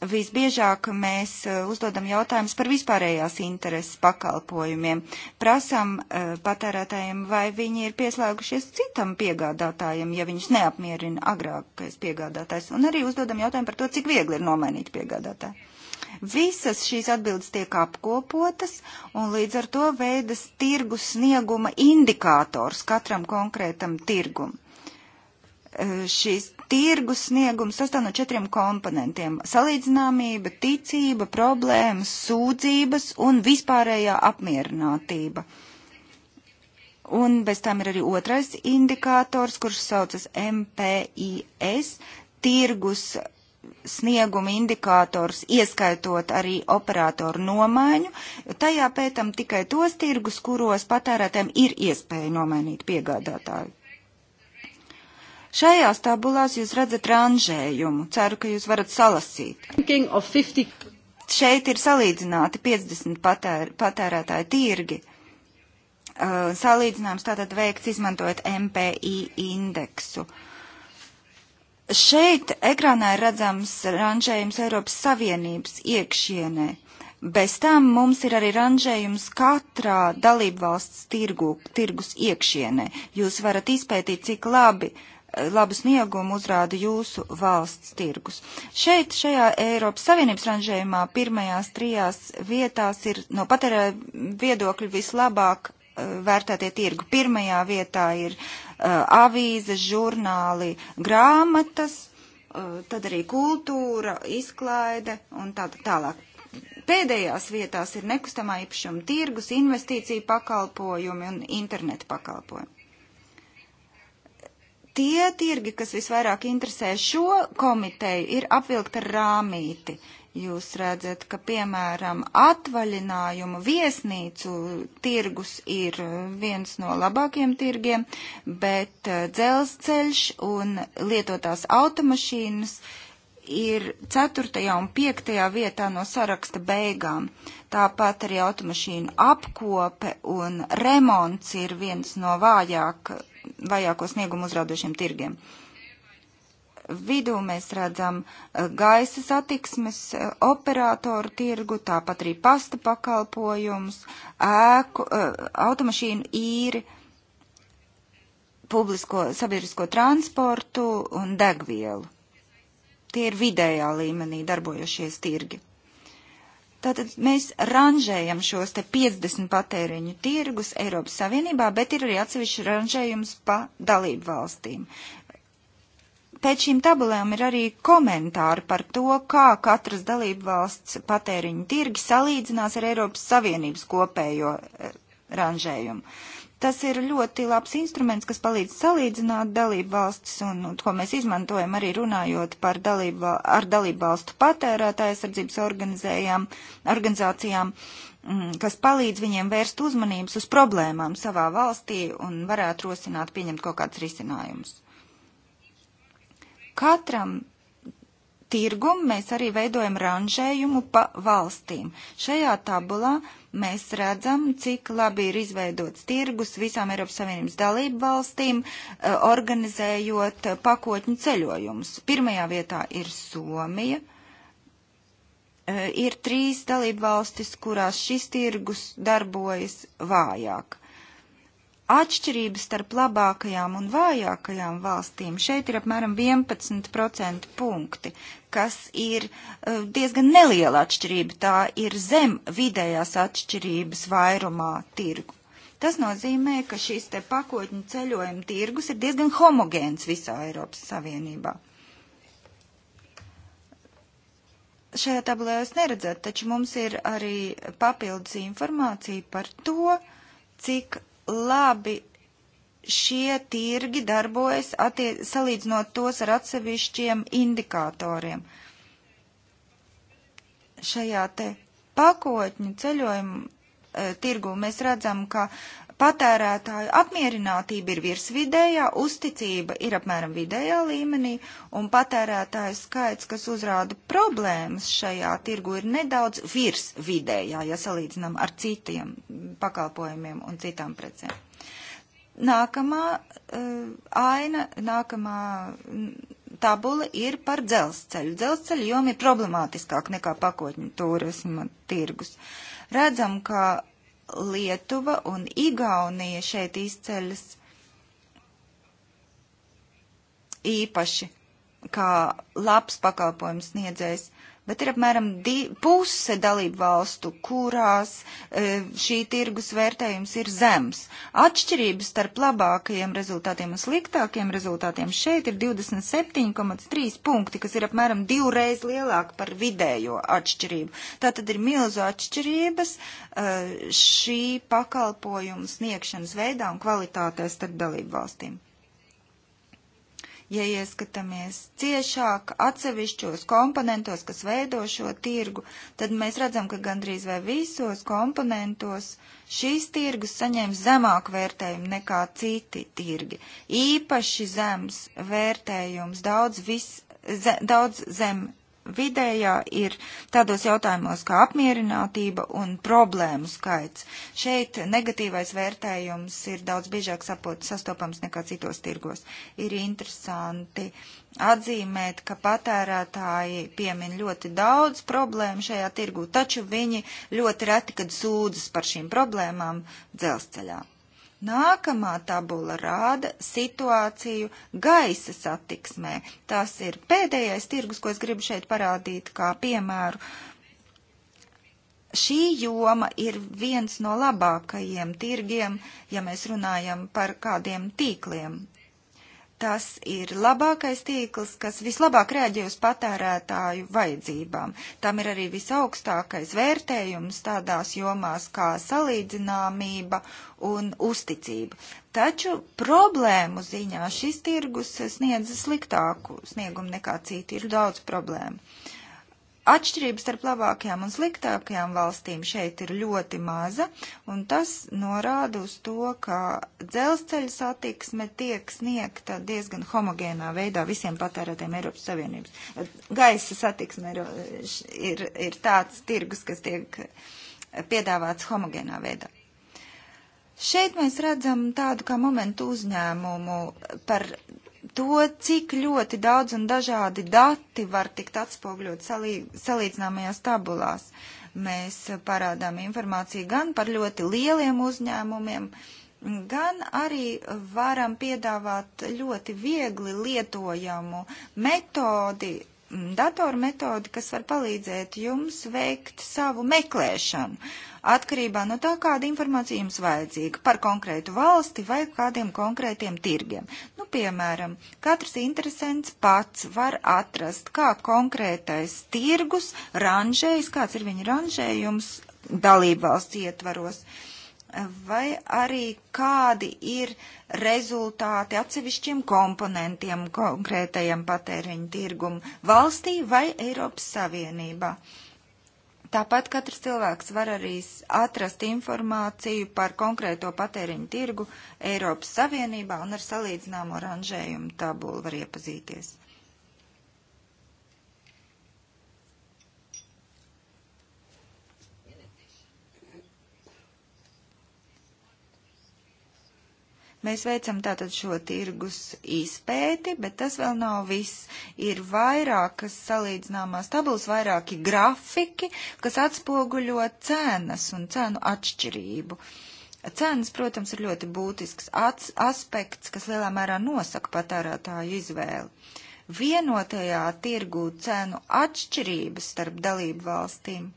visbiežāk mēs eh, uzdodam jautājumus par vispārējās intereses pakalpojumiem. Prasam uh, patērētājiem, vai viņi ir pieslēgušies citam piegādātājam, ja viņš neapmierina agrākais piegādātājs. Un arī uzdodam jautājumu par to, cik viegli ir nomainīt piegādātāju. Visas šīs atbildes tiek apkopotas, un līdz ar to veidas tirgus snieguma indikators katram konkrētam tirgum. Uh, šis tirgus sniegums sastāv no četriem komponentiem - salīdzināmība, ticība, problēmas, sūdzības un vispārējā apmierinātība. Un bez tam ir arī otrais indikators, kurš saucas MPIS - tirgus snieguma indikators, ieskaitot arī operatoru nomaiņu. Tajā pētam tikai tos tirgus, kuros patērētēm ir iespēja nomainīt piegādātāju. Šajās tabulās jūs redzat ranžējumu. Ceru, ka jūs varat salasīt. Šeit ir salīdzināti 50 patēr, patērētāju tirgi. Uh, salīdzinājums tātad veikts izmantojot MPI indeksu. Šeit ekrānā ir redzams ranžējums Eiropas Savienības iekšienē. Bez tam mums ir arī ranžējums katrā dalībvalsts tirgu, tirgus iekšienē. Jūs varat izpētīt, cik labi labu sniegumu uzrāda jūsu valsts tirgus. Šeit, šajā Eiropas Savienības ranžējumā, pirmajās trijās vietās ir no patērē viedokļu vislabāk eh, vērtētie tirgu. Pirmajā vietā ir uh, eh, avīzes, žurnāli, grāmatas, uh, tad arī kultūra, izklaide un tā tālāk. Pēdējās vietās ir nekustamā īpašuma tirgus, investīcija pakalpojumi un interneta pakalpojumi tie tirgi, kas visvairāk interesē šo komiteju, ir apvilkt ar rāmīti. Jūs redzat, ka, piemēram, atvaļinājumu viesnīcu tirgus ir viens no labākiem tirgiem, bet eh, dzelzceļš un lietotās automašīnas ir 4. un 5. vietā no saraksta beigām. Tāpat arī automašīnu apkope un remonts ir viens no vājāk vajāko sniegumu uzraudošiem tirgiem. Vidū mēs redzam eh, gaisa satiksmes eh, operatoru tirgu, tāpat arī pasta pakalpojums, ēku, eh, automašīnu īri, publisko sabiedrisko transportu un degvielu. Tie ir vidējā līmenī darbojošies tirgi. Tātad mēs ranžējam šos te 50 patēriņu tirgus Eiropas Savienībā, bet ir arī atsevišķi ranžējums pa dalību valstīm. Pēc šīm tabulēm ir arī komentāri par to, kā katras dalību valsts patēriņu tirgi salīdzinās ar Eiropas Savienības kopējo eh, ranžējumu. Uh, Tas ir ļoti labs instruments, kas palīdz salīdzināt dalību valstis un, un ko mēs izmantojam arī runājot par dalību, ar dalību valstu patērētāju sardzības organizācijām, mm, kas palīdz viņiem vērst uzmanības uz problēmām savā valstī un varētu rosināt pieņemt kaut kāds risinājums. Katram tirgumu mēs arī veidojam ranžējumu pa valstīm. Šajā tabulā mēs redzam, cik labi ir izveidots tirgus visām Eiropas Savienības dalību valstīm, eh, organizējot eh, pakotņu ceļojumus. Pirmajā vietā ir Somija. Eh, ir trīs dalību valstis, kurās šis tirgus darbojas vājāk atšķirības starp labākajām un vājākajām valstīm šeit ir apmēram 11% punkti, kas ir uh, diezgan neliela atšķirība. Tā ir zem vidējās atšķirības vairumā tirgu. Tas nozīmē, ka šīs te pakotņu ceļojuma tirgus ir diezgan homogēns visā Eiropas Savienībā. Šajā tabulē jūs neredzat, taču mums ir arī papildus informācija par to, cik labi šie tirgi darbojas, attie, salīdzinot tos ar atsevišķiem indikatoriem. Šajā te pakotņu ceļojumu e, tirgu mēs redzam, ka Patērētāju apmierinātība ir virsvidējā, uzticība ir apmēram vidējā līmenī, un patērētāju skaits, kas uzrāda problēmas šajā tirgu, ir nedaudz virsvidējā, ja salīdzinām ar citiem pakalpojumiem un citām precēm. Nākamā uh, aina, nākamā tabula ir par dzelzceļu. Dzelzceļu joma ir problemātiskāk nekā pakotņu turisma tirgus. Redzam, ka Lietuva un Igaunija šeit izceļas īpaši kā labs pakalpojums sniedzējs bet ir apmēram puse dalību valstu, kurās e, šī tirgus vērtējums ir zems. Atšķirības starp labākajiem rezultātiem un sliktākiem rezultātiem šeit ir 27,3 punkti, kas ir apmēram divreiz lielāka par vidējo atšķirību. Tā tad ir milzu atšķirības e, šī pakalpojuma sniegšanas veidā un kvalitātē starp dalību valstīm. Ja ieskatāmies ciešāk atsevišķos komponentos, kas veido šo tirgu, tad mēs redzam, ka gandrīz vai visos komponentos šīs tirgus saņem zemāku vērtējumu nekā citi tirgi. Īpaši zems vērtējums daudz, vis, ze, daudz zem vidējā ir tādos jautājumos kā apmierinātība un problēmu skaits. Šeit negatīvais vērtējums ir daudz biežāk sapot, sastopams nekā citos tirgos. Ir interesanti atzīmēt, ka patērētāji piemin ļoti daudz problēmu šajā tirgu, taču viņi ļoti reti, kad sūdzas par šīm problēmām dzelzceļā. Nākamā tabula rāda situāciju gaisa satiksmē. Tas ir pēdējais tirgus, ko es gribu šeit parādīt kā piemēru. Šī joma ir viens no labākajiem tirgiem, ja mēs runājam par kādiem tīkliem Tas ir labākais tīkls, kas vislabāk reaģē uz patērētāju vajadzībām. Tam ir arī visaugstākais vērtējums tādās jomās kā salīdzināmība un uzticība. Taču problēmu ziņā šis tirgus sniedz sliktāku sniegumu nekā citi. Ir daudz problēmu. Uh, Atšķirības starp labākajām un sliktākajām valstīm šeit ir ļoti maza, un tas norāda uz to, ka dzelzceļa satiksme tiek sniegta diezgan homogēnā veidā visiem patērētiem Eiropas Savienības. Gaisa satiksme ir, ir, ir tāds tirgus, kas tiek piedāvāts homogēnā veidā. Šeit mēs redzam tādu kā momentu uzņēmumu par to, cik ļoti daudz un dažādi dati var tikt atspogļot salī, salīdzināmajās tabulās. Mēs parādām informāciju gan par ļoti lieliem uzņēmumiem, gan arī varam piedāvāt ļoti viegli lietojamu metodi, datoru metodi, kas var palīdzēt jums veikt savu meklēšanu atkarībā no tā, kāda informācija jums vajadzīga par konkrētu valsti vai kādiem konkrētiem tirgiem. Nu, piemēram, katrs interesants pats var atrast, kā konkrētais tirgus ranžējas, kāds ir viņa ranžējums dalību valsts ietvaros. Vai arī kādi ir rezultāti atsevišķiem komponentiem konkrētajam patēriņu tirgumu valstī vai Eiropas Savienībā? Uh, Tāpat katrs cilvēks var arī atrast informāciju par konkrēto patēriņu tirgu Eiropas Savienībā un ar salīdzināmo ranžējumu tabulu var iepazīties. Mēs veicam tātad šo tirgus izpēti, bet tas vēl nav viss. Ir vairākas salīdzināmās tabulas, vairāki grafiki, kas atspoguļo cenas un cenu atšķirību. Cenas, protams, ir ļoti būtisks aspekts, kas lielā mērā nosaka patērētāju izvēli. Vienotajā tirgū cenu atšķirības starp dalību valstīm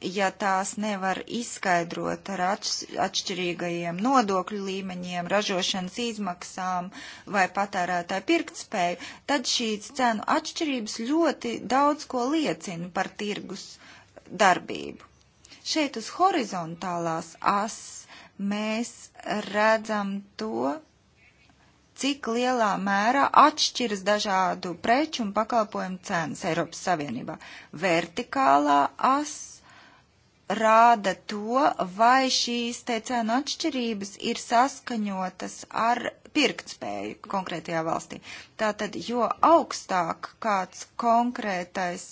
ja tās nevar izskaidrot ar atš atšķirīgajiem nodokļu līmeņiem, ražošanas izmaksām vai patērētāju pirktspēju, tad šīs cenu atšķirības ļoti daudz ko liecina par tirgus darbību. Šeit uz horizontālās as mēs redzam to, cik lielā mērā atšķiras dažādu preču un pakalpojumu cenas Eiropas Savienībā. Vertikālā asa rāda to, vai šīs te cenu atšķirības ir saskaņotas ar pirktspēju konkrētajā valstī. Tātad, jo augstāk kāds konkrētais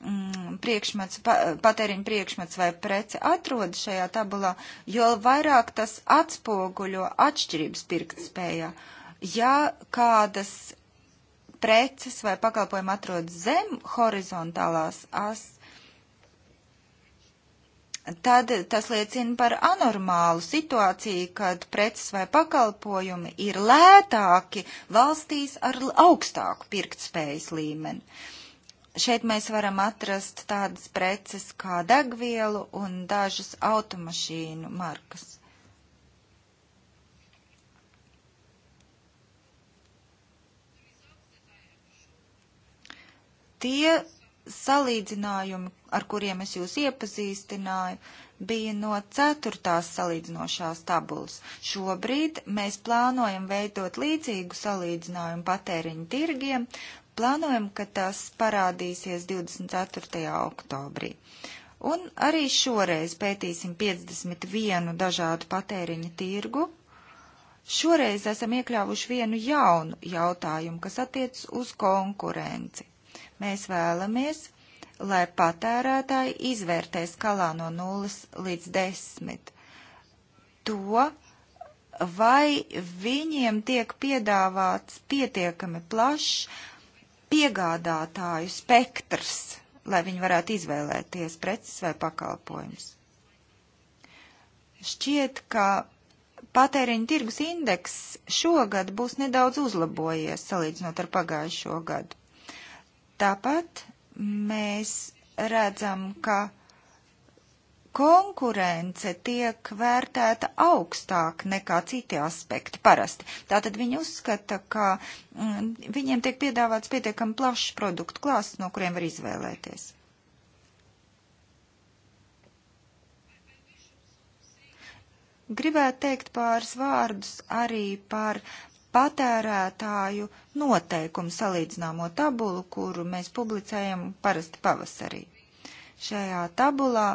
mm, priekšmets, pa, patēriņa priekšmets vai prece atrodas šajā tabulā, jo vairāk tas atspoguļo atšķirības pirktspējā. Ja kādas preces vai pakalpojumi atrodas zem horizontālās as, tad tas liecina par anormālu situāciju, kad preces vai pakalpojumi ir lētāki valstīs ar augstāku pirktspējas līmeni. Šeit mēs varam atrast tādas preces kā degvielu un dažas automašīnu markas. Tie salīdzinājumi, ar kuriem es jūs iepazīstināju, bija no ceturtās salīdzinošās tabulas. Šobrīd mēs plānojam veidot līdzīgu salīdzinājumu patēriņu tirgiem, plānojam, ka tas parādīsies 24. oktobrī. Un arī šoreiz pētīsim 51 dažādu patēriņa tirgu. Šoreiz esam iekļāvuši vienu jaunu jautājumu, kas attiec uz konkurenci. Mēs vēlamies, lai patērētāji izvērtē skalā no 0 līdz 10 to, vai viņiem tiek piedāvāts pietiekami plašs piegādātāju spektrs, lai viņi varētu izvēlēties preces vai pakalpojumus. Šķiet, ka patēriņa tirgus indeks šogad būs nedaudz uzlabojies salīdzinot ar pagājušo gadu. Tāpat mēs redzam, ka konkurence tiek vērtēta augstāk nekā citi aspekti parasti. Tātad viņi uzskata, ka mm, viņiem tiek piedāvāts pietiekami plašs produktu klāsts, no kuriem var izvēlēties. Gribētu teikt pāris vārdus arī par patērētāju noteikumu salīdzināmo tabulu, kuru mēs publicējam parasti pavasarī. Šajā tabulā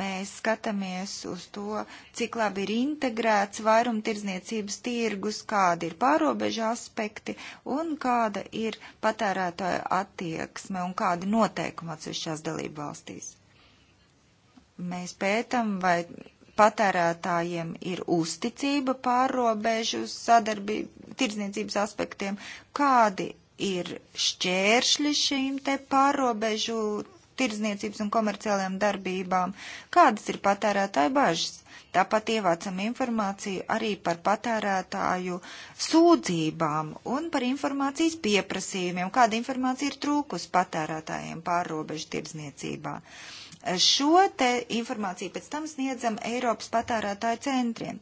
mēs skatāmies uz to, cik labi ir integrēts vairumtirdzniecības tirgus, kādi ir pārobežu aspekti un kāda ir patērētāja attieksme un kādi noteikumi atsevišķās dalību valstīs. Mēs pētam, vai patērētājiem ir uzticība pārrobežu sadarbību, tirdzniecības aspektiem, kādi ir šķēršļi šīm te pārrobežu tirdzniecības un komerciālajām darbībām, kādas ir patērētāja bažas. Tāpat ievācam informāciju arī par patērētāju sūdzībām un par informācijas pieprasījumiem, kāda informācija ir trūkus patērētājiem pārrobežu tirdzniecībā. Uh, Šo te informāciju pēc tam sniedzam Eiropas patērētāju centriem.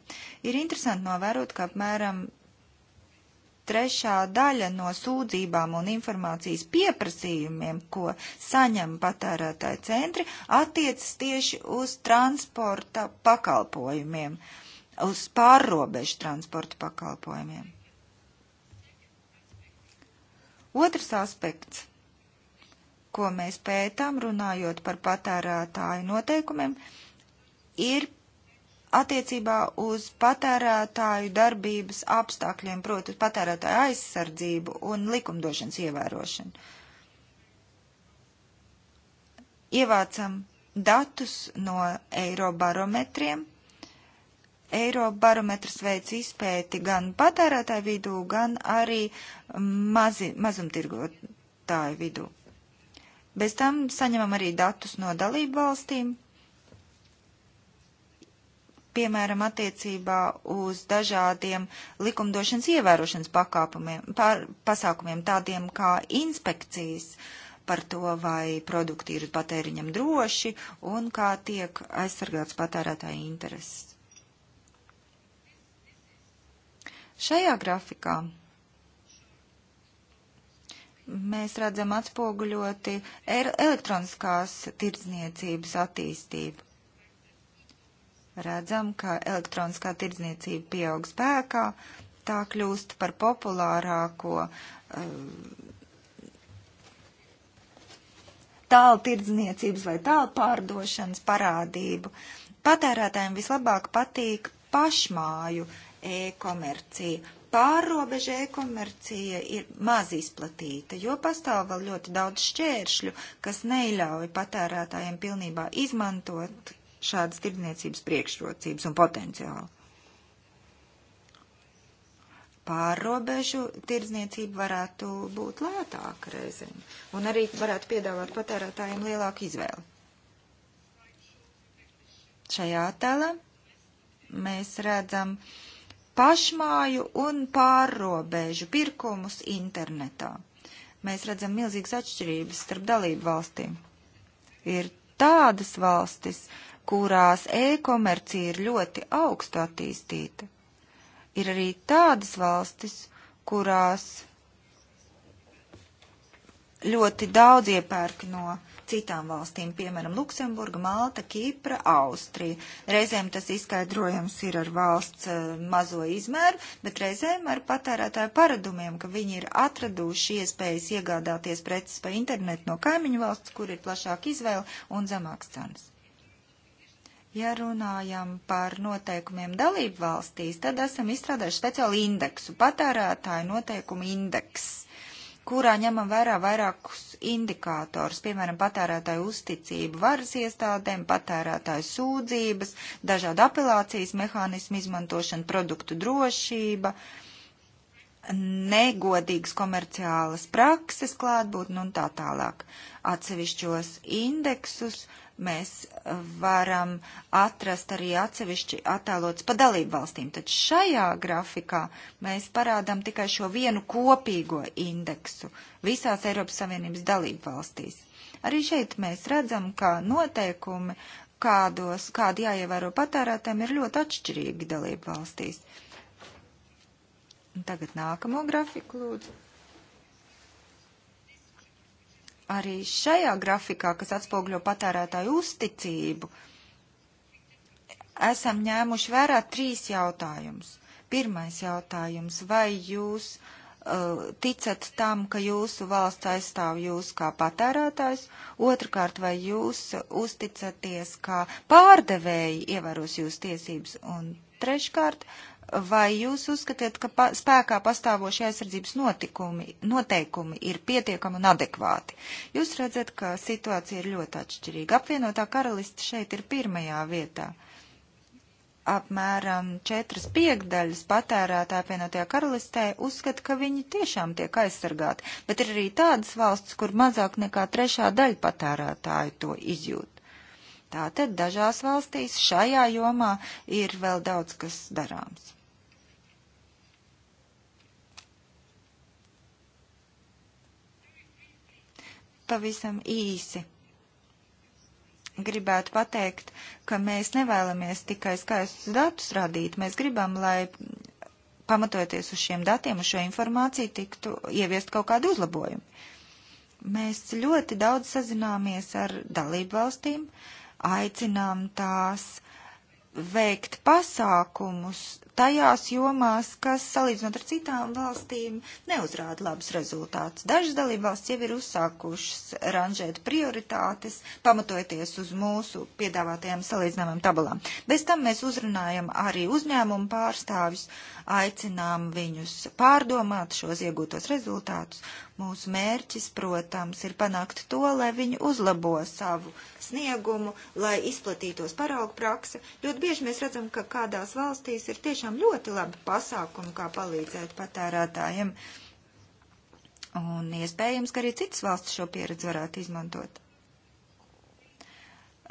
Ir interesanti novērot, ka apmēram trešā daļa no sūdzībām un informācijas pieprasījumiem, ko saņem patērētāju centri, attiecas tieši uz transporta pakalpojumiem, uz pārrobežu transporta pakalpojumiem. Otrs aspekts ko mēs pētām, runājot par patērētāju noteikumiem, ir attiecībā uz patērētāju darbības apstākļiem, proti uz patērētāju aizsardzību un likumdošanas ievērošanu. Ievācam datus no eirobarometriem. Eirobarometrs veids izpēti gan patērētāju vidū, gan arī mazi, mazumtirgotāju vidū. Bez tam saņemam arī datus no dalību valstīm, piemēram, attiecībā uz dažādiem likumdošanas ievērošanas pakāpumiem, pār, pasākumiem, tādiem kā inspekcijas par to, vai produkti ir patēriņam droši un kā tiek aizsargāts patērētāja intereses. Šajā grafikā mēs redzam atspoguļoti er- elektroniskās tirdzniecības attīstību. Redzam, ka elektroniskā tirdzniecība pieaug spēkā, tā kļūst par populārāko uh, tālu tirdzniecības vai tālu pārdošanas parādību. Patērētājiem vislabāk patīk pašmāju e-komercija pārrobeža e-komercija ir maz izplatīta, jo pastāv vēl ļoti daudz šķēršļu, kas neļauj patērētājiem pilnībā izmantot šādas tirdzniecības priekšrocības un potenciālu. Pārrobežu tirdzniecība varētu būt lētāka reizēm un arī varētu piedāvāt patērētājiem lielāku izvēli. Šajā attēlā mēs redzam uh, pašmāju un pārrobežu pirkumus internetā. Mēs redzam milzīgas atšķirības starp dalību valstīm. Ir tādas valstis, kurās e-komercija ir ļoti augstu attīstīta. Ir arī tādas valstis, kurās ļoti daudz iepērk no uh, citām valstīm, piemēram, Luksemburga, Malta, Kipra, Austrija. Reizēm tas izskaidrojums ir ar valsts eh, mazo izmēru, bet reizēm ar patērētāju paradumiem, ka viņi ir atraduši iespējas iegādāties preces pa internetu no kaimiņu valsts, kur ir plašāka izvēle un zemāks cenas. Ja runājam par noteikumiem dalību valstīs, tad esam izstrādājuši speciālu indeksu, patērētāju noteikumu indeksu kurā ņemam vērā vairākus indikātors, piemēram, patērētāju uzticību varas iestādēm, patērētāju sūdzības, dažādu apelācijas mehānismu izmantošanu, produktu drošība, negodīgas komerciālas prakses klātbūtne un tā tālāk. Uh, atsevišķos indeksus mēs varam atrast arī atsevišķi attēlots pa dalību valstīm. Tad šajā grafikā mēs parādām tikai šo vienu kopīgo indeksu visās Eiropas Savienības dalību valstīs. Arī šeit mēs redzam, ka noteikumi, kādos, kādi jāievēro patērētājiem, ir ļoti atšķirīgi dalību valstīs. Un tagad nākamo grafiku lūdzu. Arī šajā grafikā, kas atspogļo patērētāju uzticību, esam ņēmuši vērā trīs jautājumus. Pirmais jautājums - vai jūs uh, ticat tam, ka jūsu valsts aizstāv jūs kā patērētājs? Otrakārt, vai jūs uzticaties, ka pārdevēji ievēros jūsu tiesības? Un treškārt, vai jūs uzskatiet, ka pa, spēkā pastāvošie aizsardzības notikumi, noteikumi ir pietiekami un adekvāti? Jūs redzat, ka situācija ir ļoti atšķirīga. Apvienotā karaliste šeit ir pirmajā vietā. Apmēram četras piekdaļas patērētā apvienotajā karalistē uzskata, ka viņi tiešām tiek aizsargāti, bet ir arī tādas valsts, kur mazāk nekā trešā daļa patērētāju to izjūt. Tātad dažās valstīs šajā jomā ir vēl daudz kas darāms. pavisam īsi. Gribētu pateikt, ka mēs nevēlamies tikai skaistus datus radīt, mēs gribam, lai pamatojoties uz šiem datiem, uz šo informāciju, tiktu ieviest kaut kādu uzlabojumu. Mēs ļoti daudz sazināmies ar dalību valstīm, aicinām tās veikt pasākumus, tajās jomās, kas, salīdzinot ar citām valstīm, neuzrāda labus rezultātus. Dažas dalībvalsts jau ir uzsākušas ranžēt prioritātes, pamatojoties uz mūsu piedāvātajām salīdzināmām tabulām. Bez tam mēs uzrunājam arī uzņēmumu pārstāvjus, aicinām viņus pārdomāt šos iegūtos rezultātus Mūsu mērķis, protams, ir panākt to, lai viņi uzlabo savu sniegumu, lai izplatītos paraugu prakse. Ļoti bieži mēs redzam, ka kādās valstīs ir tiešām ļoti labi pasākumi, kā palīdzēt patērētājiem. Un iespējams, ka arī citas valsts šo pieredzi varētu izmantot.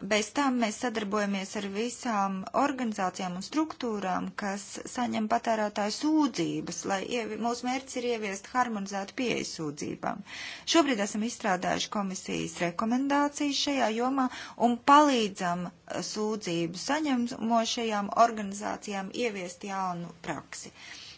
Bez tam mēs sadarbojamies ar visām organizācijām un struktūrām, kas saņem patērētāju sūdzības, lai ievi, mūsu mērķis ir ieviest harmonizētu pieeju sūdzībām. Šobrīd esam izstrādājuši komisijas rekomendācijas šajā jomā un palīdzam eh, sūdzību saņemošajām organizācijām ieviest jaunu praksi.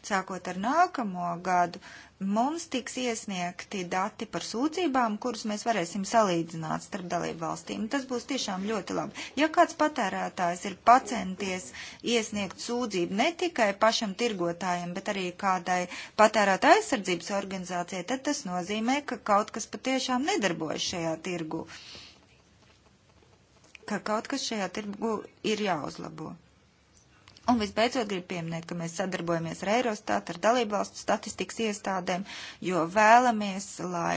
Sākot ar nākamo gadu, mums tiks iesniegti dati par sūdzībām, kurus mēs varēsim salīdzināt starp dalību valstīm. Tas būs tiešām ļoti labi. Ja kāds patērētājs ir pacenties iesniegt sūdzību ne tikai pašam tirgotājiem, bet arī kādai patērētāja aizsardzības organizācijai, tad tas nozīmē, ka kaut kas patiešām nedarbojas šajā tirgu ka kaut kas šajā tirgu ir jāuzlabo. Un visbeidzot gribu pieminēt, ka mēs sadarbojamies ar Eirostat, ar dalībvalstu statistikas iestādēm, jo vēlamies, lai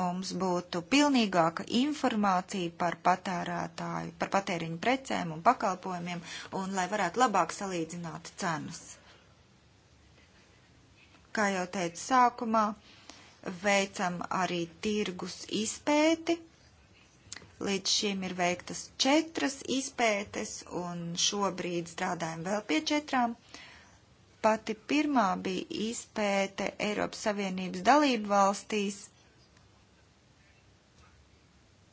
mums būtu pilnīgāka informācija par patērētāju, par patēriņu precēm un pakalpojumiem, un lai varētu labāk salīdzināt cenas. Kā jau teicu sākumā, veicam arī tirgus izpēti Līdz šim ir veiktas četras izpētes, un šobrīd strādājam vēl pie četrām. Pati pirmā bija izpēte Eiropas Savienības dalību valstīs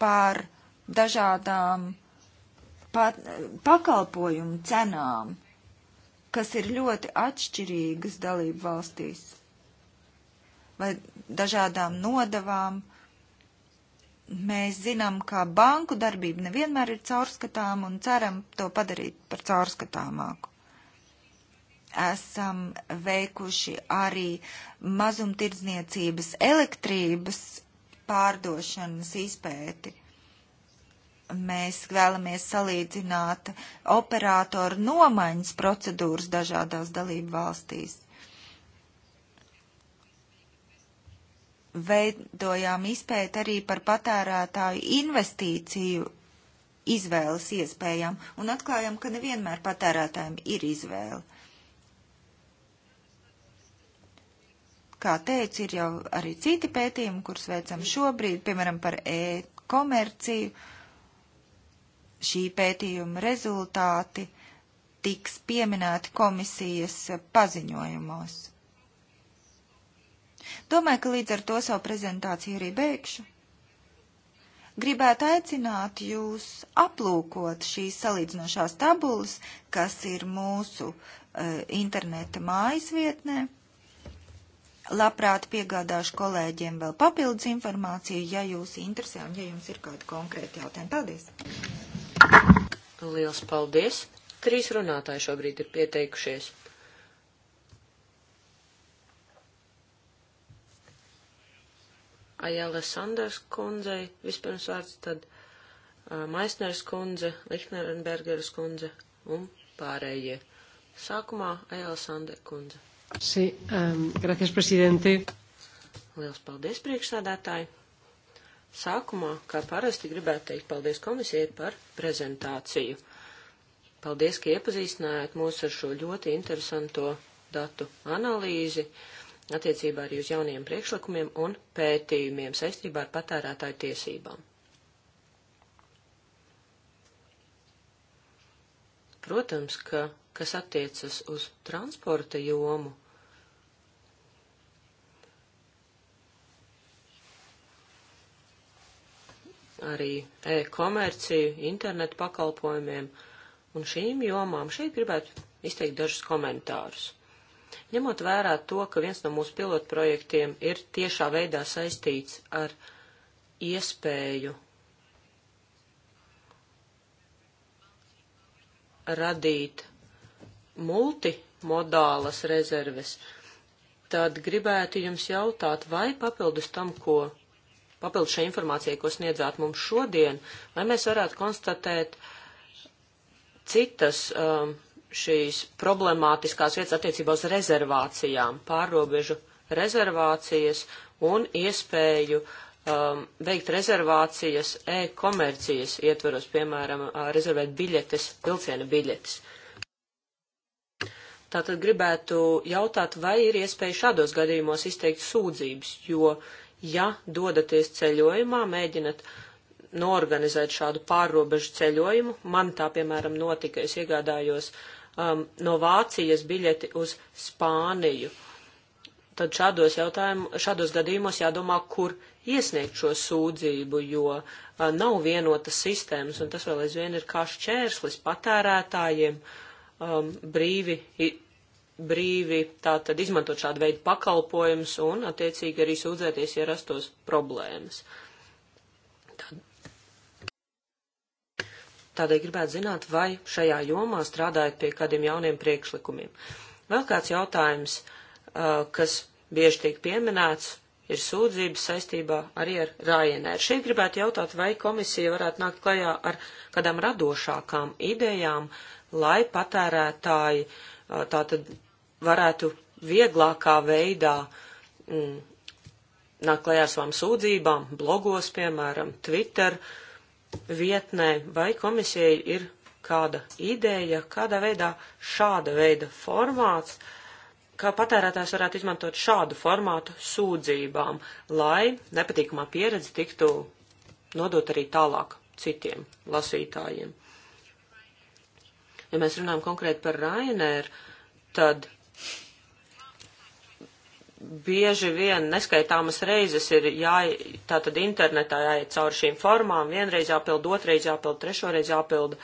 par dažādām pat, pakalpojumu cenām, kas ir ļoti atšķirīgas dalību valstīs, vai dažādām nodavām mēs zinām, ka banku darbība nevienmēr ir caurskatām un ceram to padarīt par caurskatāmāku. Esam veikuši arī mazumtirdzniecības elektrības pārdošanas izpēti. Mēs vēlamies salīdzināt operātoru nomaiņas procedūras dažādās dalību valstīs veidojām izpēt arī par patērētāju investīciju izvēles iespējām un atklājām, ka nevienmēr patērētājiem ir izvēle. Kā teicu, ir jau arī citi pētījumi, kurus veicam šobrīd, piemēram, par e-komerciju. Šī pētījuma rezultāti tiks pieminēti komisijas paziņojumos. Domāju, ka līdz ar to savu prezentāciju arī beigšu. Gribētu aicināt jūs aplūkot šīs salīdzinošās tabulas, kas ir mūsu uh, interneta mājas vietnē. Labprāt piegādāšu kolēģiem vēl papildus informāciju, ja jūs interesē un ja jums ir kādi konkrēti jautājumi. Paldies!
Liels paldies! Trīs runātāji šobrīd ir pieteikušies. Ajala Sanders kundzei vispirms vārds, tad uh, Maisners kundze, Lichnerenbergeras kundze un pārējie. Sākumā Ajala Sanders kundze. Sí, um, gracias, presidente. Liels paldies, priekšsādātāji. Sākumā, kā parasti, gribētu teikt paldies komisijai par prezentāciju. Paldies, ka iepazīstinājāt mūs ar šo ļoti interesanto datu analīzi. Uh, attiecībā arī uz jauniem priekšlikumiem un pētījumiem saistībā ar patērētāju tiesībām. Protams, ka kas attiecas uz transporta jomu, arī e-komerciju, internetu pakalpojumiem un šīm jomām šeit gribētu izteikt dažus komentārus. Ņemot vērā to, ka viens no mūsu pilotprojektiem ir tiešā veidā saistīts ar iespēju radīt multimodālas rezerves, tad gribētu jums jautāt, vai papildus tam, ko papildus šai informācijai, ko sniedzāt mums šodien, vai mēs varētu konstatēt citas um, šīs problemātiskās vietas attiecībā uz rezervācijām, pārrobežu rezervācijas un iespēju um, veikt rezervācijas e-komercijas ietveros, piemēram, rezervēt biļetes, vilciena biļetes. Tātad gribētu jautāt, vai ir iespēja šādos gadījumos izteikt sūdzības, jo, ja dodaties ceļojumā, mēģinat norganizēt šādu pārrobežu ceļojumu, man tā, piemēram, notika, es iegādājos uh, um, no Vācijas biļeti uz Spāniju. Tad šādos, šādos gadījumos jādomā, kur iesniegt šo sūdzību, jo uh, nav vienotas sistēmas, un tas vēl aizvien ir kā šķērslis patērētājiem um, brīvi brīvi tātad izmantot šādu veidu pakalpojumus un attiecīgi arī sūdzēties, ja rastos problēmas. Uh, Tādēļ gribētu zināt, vai šajā jomā strādājat pie kādiem jauniem priekšlikumiem. Vēl kāds jautājums, uh, kas bieži tiek pieminēts, ir sūdzības saistībā arī ar Ryanair. Šeit gribētu jautāt, vai komisija varētu nākt klajā ar kādām radošākām idejām, lai patērētāji uh, tātad varētu vieglākā veidā mm, nākt klajā ar savām sūdzībām, blogos, piemēram, Twitter. Uh, vietnē, vai komisijai ir kāda ideja, kādā veidā šāda veida formāts, kā patērētājs varētu izmantot šādu formātu sūdzībām, lai nepatīkamā pieredze tiktu nodot arī tālāk citiem lasītājiem. Ja mēs runājam konkrēti par Rainēru, tad bieži vien neskaitāmas reizes ir jā, tātad internetā jāiet cauri šīm formām, vienreiz jāpild, otrreiz jāpild, trešoreiz jāpild.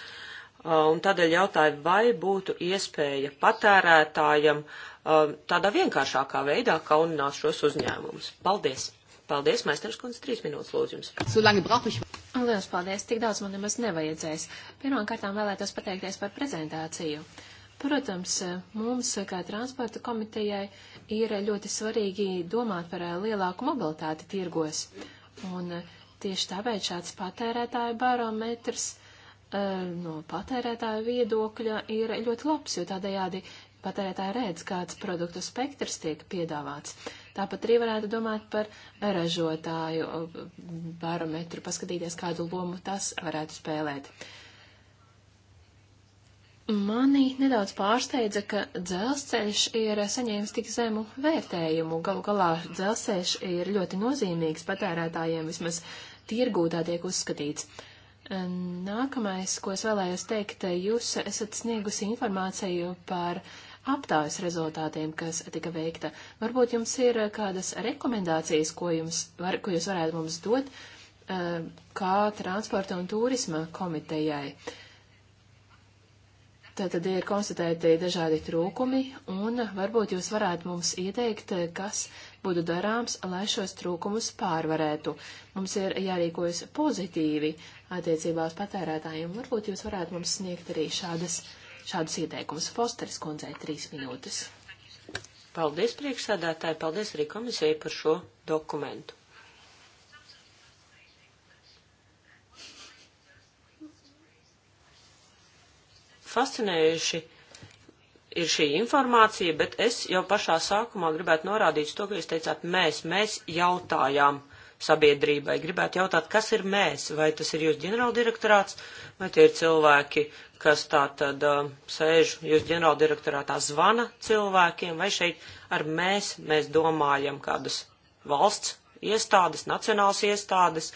Uh, un tādēļ jautāju, vai būtu iespēja patērētājam uh, tādā vienkāršākā veidā kaunināt šos uzņēmumus. Paldies! Paldies, Maisters kundze, trīs minūtes lūdzu
jums. Lielas paldies, tik daudz man nemaz nevajadzēs. Pirmkārtām vēlētos pateikties par prezentāciju. Uh, Protams, mums, kā transporta komitejai, ir ļoti svarīgi domāt par eh, lielāku mobilitāti tirgos. Un eh, tieši tāpēc šāds patērētāju barometrs eh, no patērētāju viedokļa ir ļoti labs, jo tādējādi patērētāji redz, kāds produktu spektrs tiek piedāvāts. Tāpat arī varētu domāt par ražotāju barometru, paskatīties, kādu lomu tas varētu spēlēt. Uh, Mani nedaudz pārsteidza, ka dzelzceļš ir saņēmis tik zemu vērtējumu. Galu galā dzelzceļš ir ļoti nozīmīgs patērētājiem, vismaz tirgū tā tiek uzskatīts. E, nākamais, ko es vēlējos teikt, jūs esat sniegusi informāciju par aptājas rezultātiem, kas tika veikta. Varbūt jums ir kādas rekomendācijas, ko, jums, var, ko jūs varētu mums dot, e, kā transporta un turisma komitejai. Uh, Tātad ir konstatēti dažādi trūkumi, un varbūt jūs varētu mums ieteikt, kas būtu darāms, lai šos trūkumus pārvarētu. Mums ir jārīkojas pozitīvi attiecībā uz patērētājiem. Varbūt jūs varētu mums sniegt arī šādas, šādas ieteikumus. Fosteris kundzei trīs minūtes.
Paldies priekšsādātāji, paldies arī komisijai par šo dokumentu. fascinējuši ir šī informācija, bet es jau pašā sākumā gribētu norādīt to, ka jūs teicāt mēs, mēs jautājām sabiedrībai. Gribētu jautāt, kas ir mēs, vai tas ir jūs ģenerāldirektorāts, vai tie ir cilvēki, kas tā tad uh, sēž jūs ģenerāldirektorātā zvana cilvēkiem, vai šeit ar mēs mēs domājam kādas valsts iestādes, nacionāls iestādes,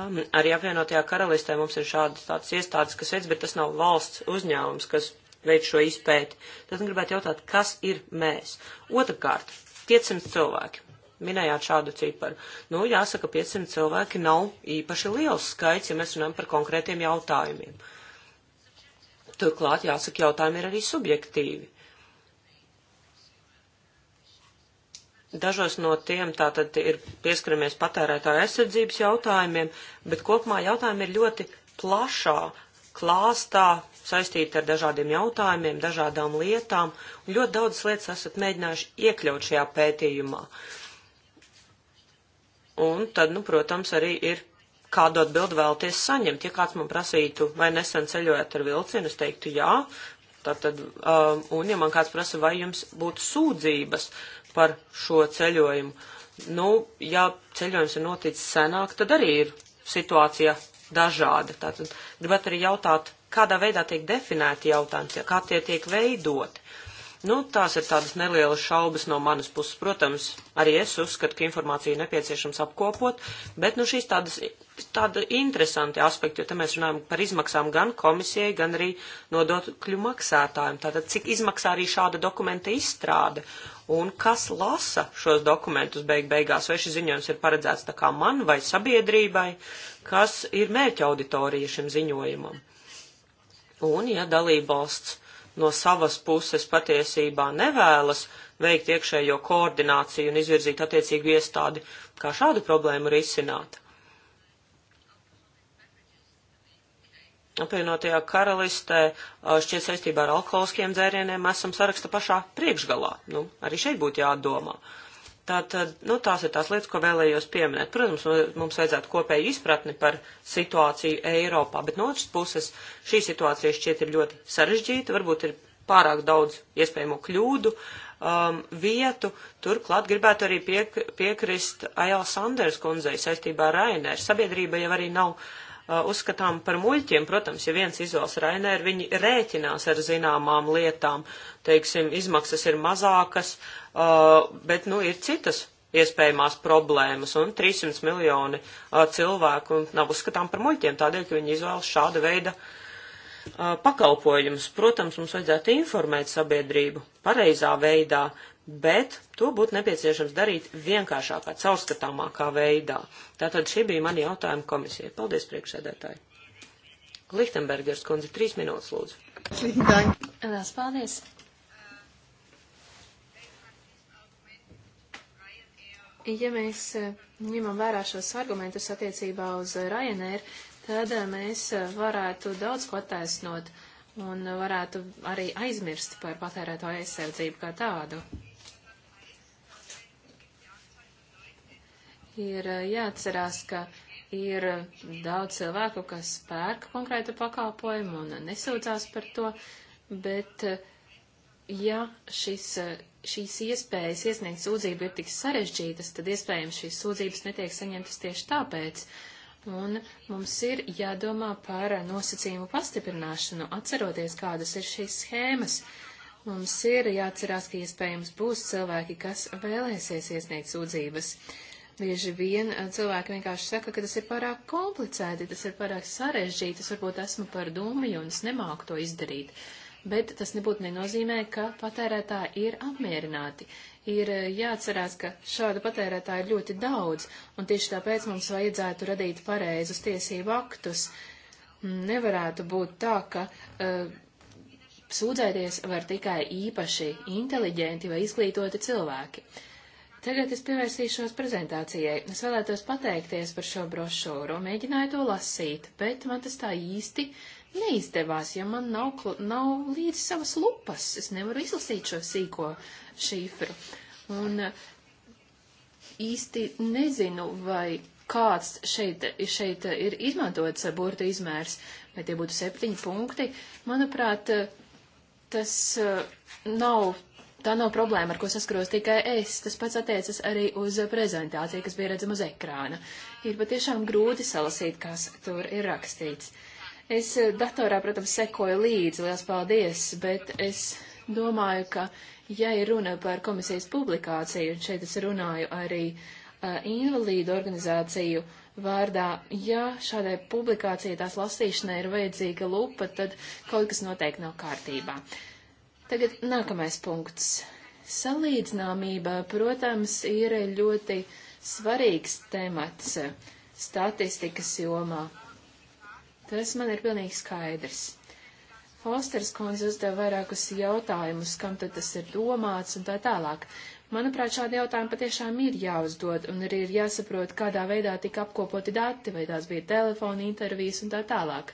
Um, arī apvienotajā karalistē mums ir šādas tādas iestādes, kas veids, bet tas nav valsts uzņēmums, kas veids šo izpēti. Tad gribētu jautāt, kas ir mēs? Otrakārt, 500 cilvēki. Minējāt šādu ciparu. Nu, jāsaka, 500 cilvēki nav īpaši liels skaits, ja mēs runājam par konkrētiem jautājumiem. Turklāt, jāsaka, jautājumi ir arī subjektīvi. Dažos no tiem tātad ir pieskaramies patērētāju aizsardzības jautājumiem, bet kopumā jautājumi ir ļoti plašā klāstā, saistīti ar dažādiem jautājumiem, dažādām lietām, un ļoti daudzas lietas esat mēģinājuši iekļaut šajā pētījumā. Un tad, nu, protams, arī ir kādu atbildi vēlties saņemt. Ja kāds man prasītu, vai nesen ceļojat ar vilcienu, es teiktu jā. Tātad, um, un ja man kāds prasa, vai jums būtu sūdzības par šo ceļojumu. Nu, ja ceļojums ir noticis senāk, tad arī ir situācija dažāda. Tātad gribētu arī jautāt, kādā veidā tiek definēti jautājums, kā tie tiek veidoti. Nu, tās ir tādas nelielas šaubas no manas puses. Protams, arī es uzskatu, ka informāciju nepieciešams apkopot, bet nu, šīs tādas tāda interesanti aspekti, jo te mēs runājam par izmaksām gan komisijai, gan arī nodokļu maksātājiem. Tātad, cik izmaksā arī šāda dokumenta izstrāde un kas lasa šos dokumentus beig beigās, vai šis ziņojums ir paredzēts tā kā man vai sabiedrībai, kas ir mērķa auditorija šim ziņojumam. Un, ja dalībvalsts no savas puses patiesībā nevēlas veikt iekšējo koordināciju un izvirzīt attiecīgu iestādi, kā šādu problēmu risināt. Apvienotajā karalistē šķiet saistībā ar alkoholiskiem dzērieniem esam saraksta pašā priekšgalā. Nu, arī šeit būtu jādomā. Uh, Tātad, nu, tās ir tās lietas, ko vēlējos pieminēt. Protams, mums vajadzētu kopēju izpratni par situāciju Eiropā, bet no otras puses šī situācija šķiet ir ļoti sarežģīta, varbūt ir pārāk daudz iespējamo kļūdu, um, vietu. Turklāt gribētu arī piek, piekrist Ajāls Sanders kundzei saistībā ar Rainēru. Sabiedrība jau arī nav uzskatām par muļķiem. Protams, ja viens izvēlas Rainēru, viņi rēķinās ar zināmām lietām. Teiksim, izmaksas ir mazākas, bet, nu, ir citas iespējamās problēmas, un 300 miljoni cilvēku nav uzskatām par muļķiem, tādēļ, ka viņi izvēlas šāda veida pakalpojumus. Protams, mums vajadzētu informēt sabiedrību pareizā veidā, bet to būtu nepieciešams darīt vienkāršākā, caurskatāmākā veidā. Tātad šī bija mani jautājuma komisija. Paldies, priekšsēdētāji. Lichtenbergers kundze, trīs minūtes lūdzu.
Lielas paldies. Ja mēs eh, ņemam vērā šos argumentus attiecībā uz eh, Ryanair, tad eh, mēs varētu daudz ko attaisnot un varētu arī aizmirst par patērēto aizsardzību kā tādu. ir eh, jāatcerās, ka ir daudz cilvēku, kas pērk konkrētu pakalpojumu un nesūdzās par to, bet eh, ja šis, eh, šīs iespējas iesniegt sūdzību ir tik sarežģītas, tad iespējams šīs sūdzības netiek saņemtas tieši tāpēc. Un mums ir jādomā par nosacījumu pastiprināšanu, atceroties, kādas ir šīs schēmas. Mums ir jāatcerās, ka iespējams būs cilvēki, kas vēlēsies iesniegt sūdzības. Uh, Bieži vien eh, cilvēki vienkārši saka, ka tas ir pārāk komplicēti, tas ir pārāk sarežģīti, es varbūt esmu par domju un es nemāku to izdarīt. Bet tas nebūtu nenozīmē, ka patērētāji ir apmierināti. Ir eh, jāatcerās, ka šādu patērētāju ir ļoti daudz, un tieši tāpēc mums vajadzētu radīt pareizus tiesību aktus. Mm, nevarētu būt tā, ka uh, sūdzēties var tikai īpaši inteliģenti vai izglītoti cilvēki. Uh, Tagad es pievērsīšos prezentācijai. Es vēlētos pateikties par šo brošūru. Mēģināju to lasīt, bet man tas tā īsti neizdevās, jo man nav, nav līdz savas lupas. Es nevaru izlasīt šo sīko šifru. Un uh, īsti nezinu, vai kāds šeit, šeit ir izmantots burta izmērs, vai tie būtu septiņi punkti. Manuprāt, uh, tas uh, nav tā nav problēma, ar ko saskaros tikai es. Tas pats attiecas arī uz prezentāciju, kas bija redzama uz ekrāna. Ir patiešām grūti salasīt, kas tur ir rakstīts. Es eh, datorā, protams, sekoju līdzi, liels paldies, bet es domāju, ka, ja ir runa par komisijas publikāciju, un šeit es runāju arī uh, invalīdu organizāciju, uh, vārdā. Ja šādai publikācijai tās lasīšanai ir vajadzīga lupa, tad kaut kas noteikti nav kārtībā. Tagad nākamais punkts. Salīdzināmība, protams, ir ļoti svarīgs temats statistikas jomā. Tas man ir pilnīgi skaidrs. Fosters kundze uzdev vairākus jautājumus, kam tad tas ir domāts un tā tālāk. Manuprāt, šādi jautājumi patiešām ir jāuzdod, un arī ir jāsaprot, kādā veidā tika apkopoti dati, vai tās bija telefona intervijas un tā tālāk.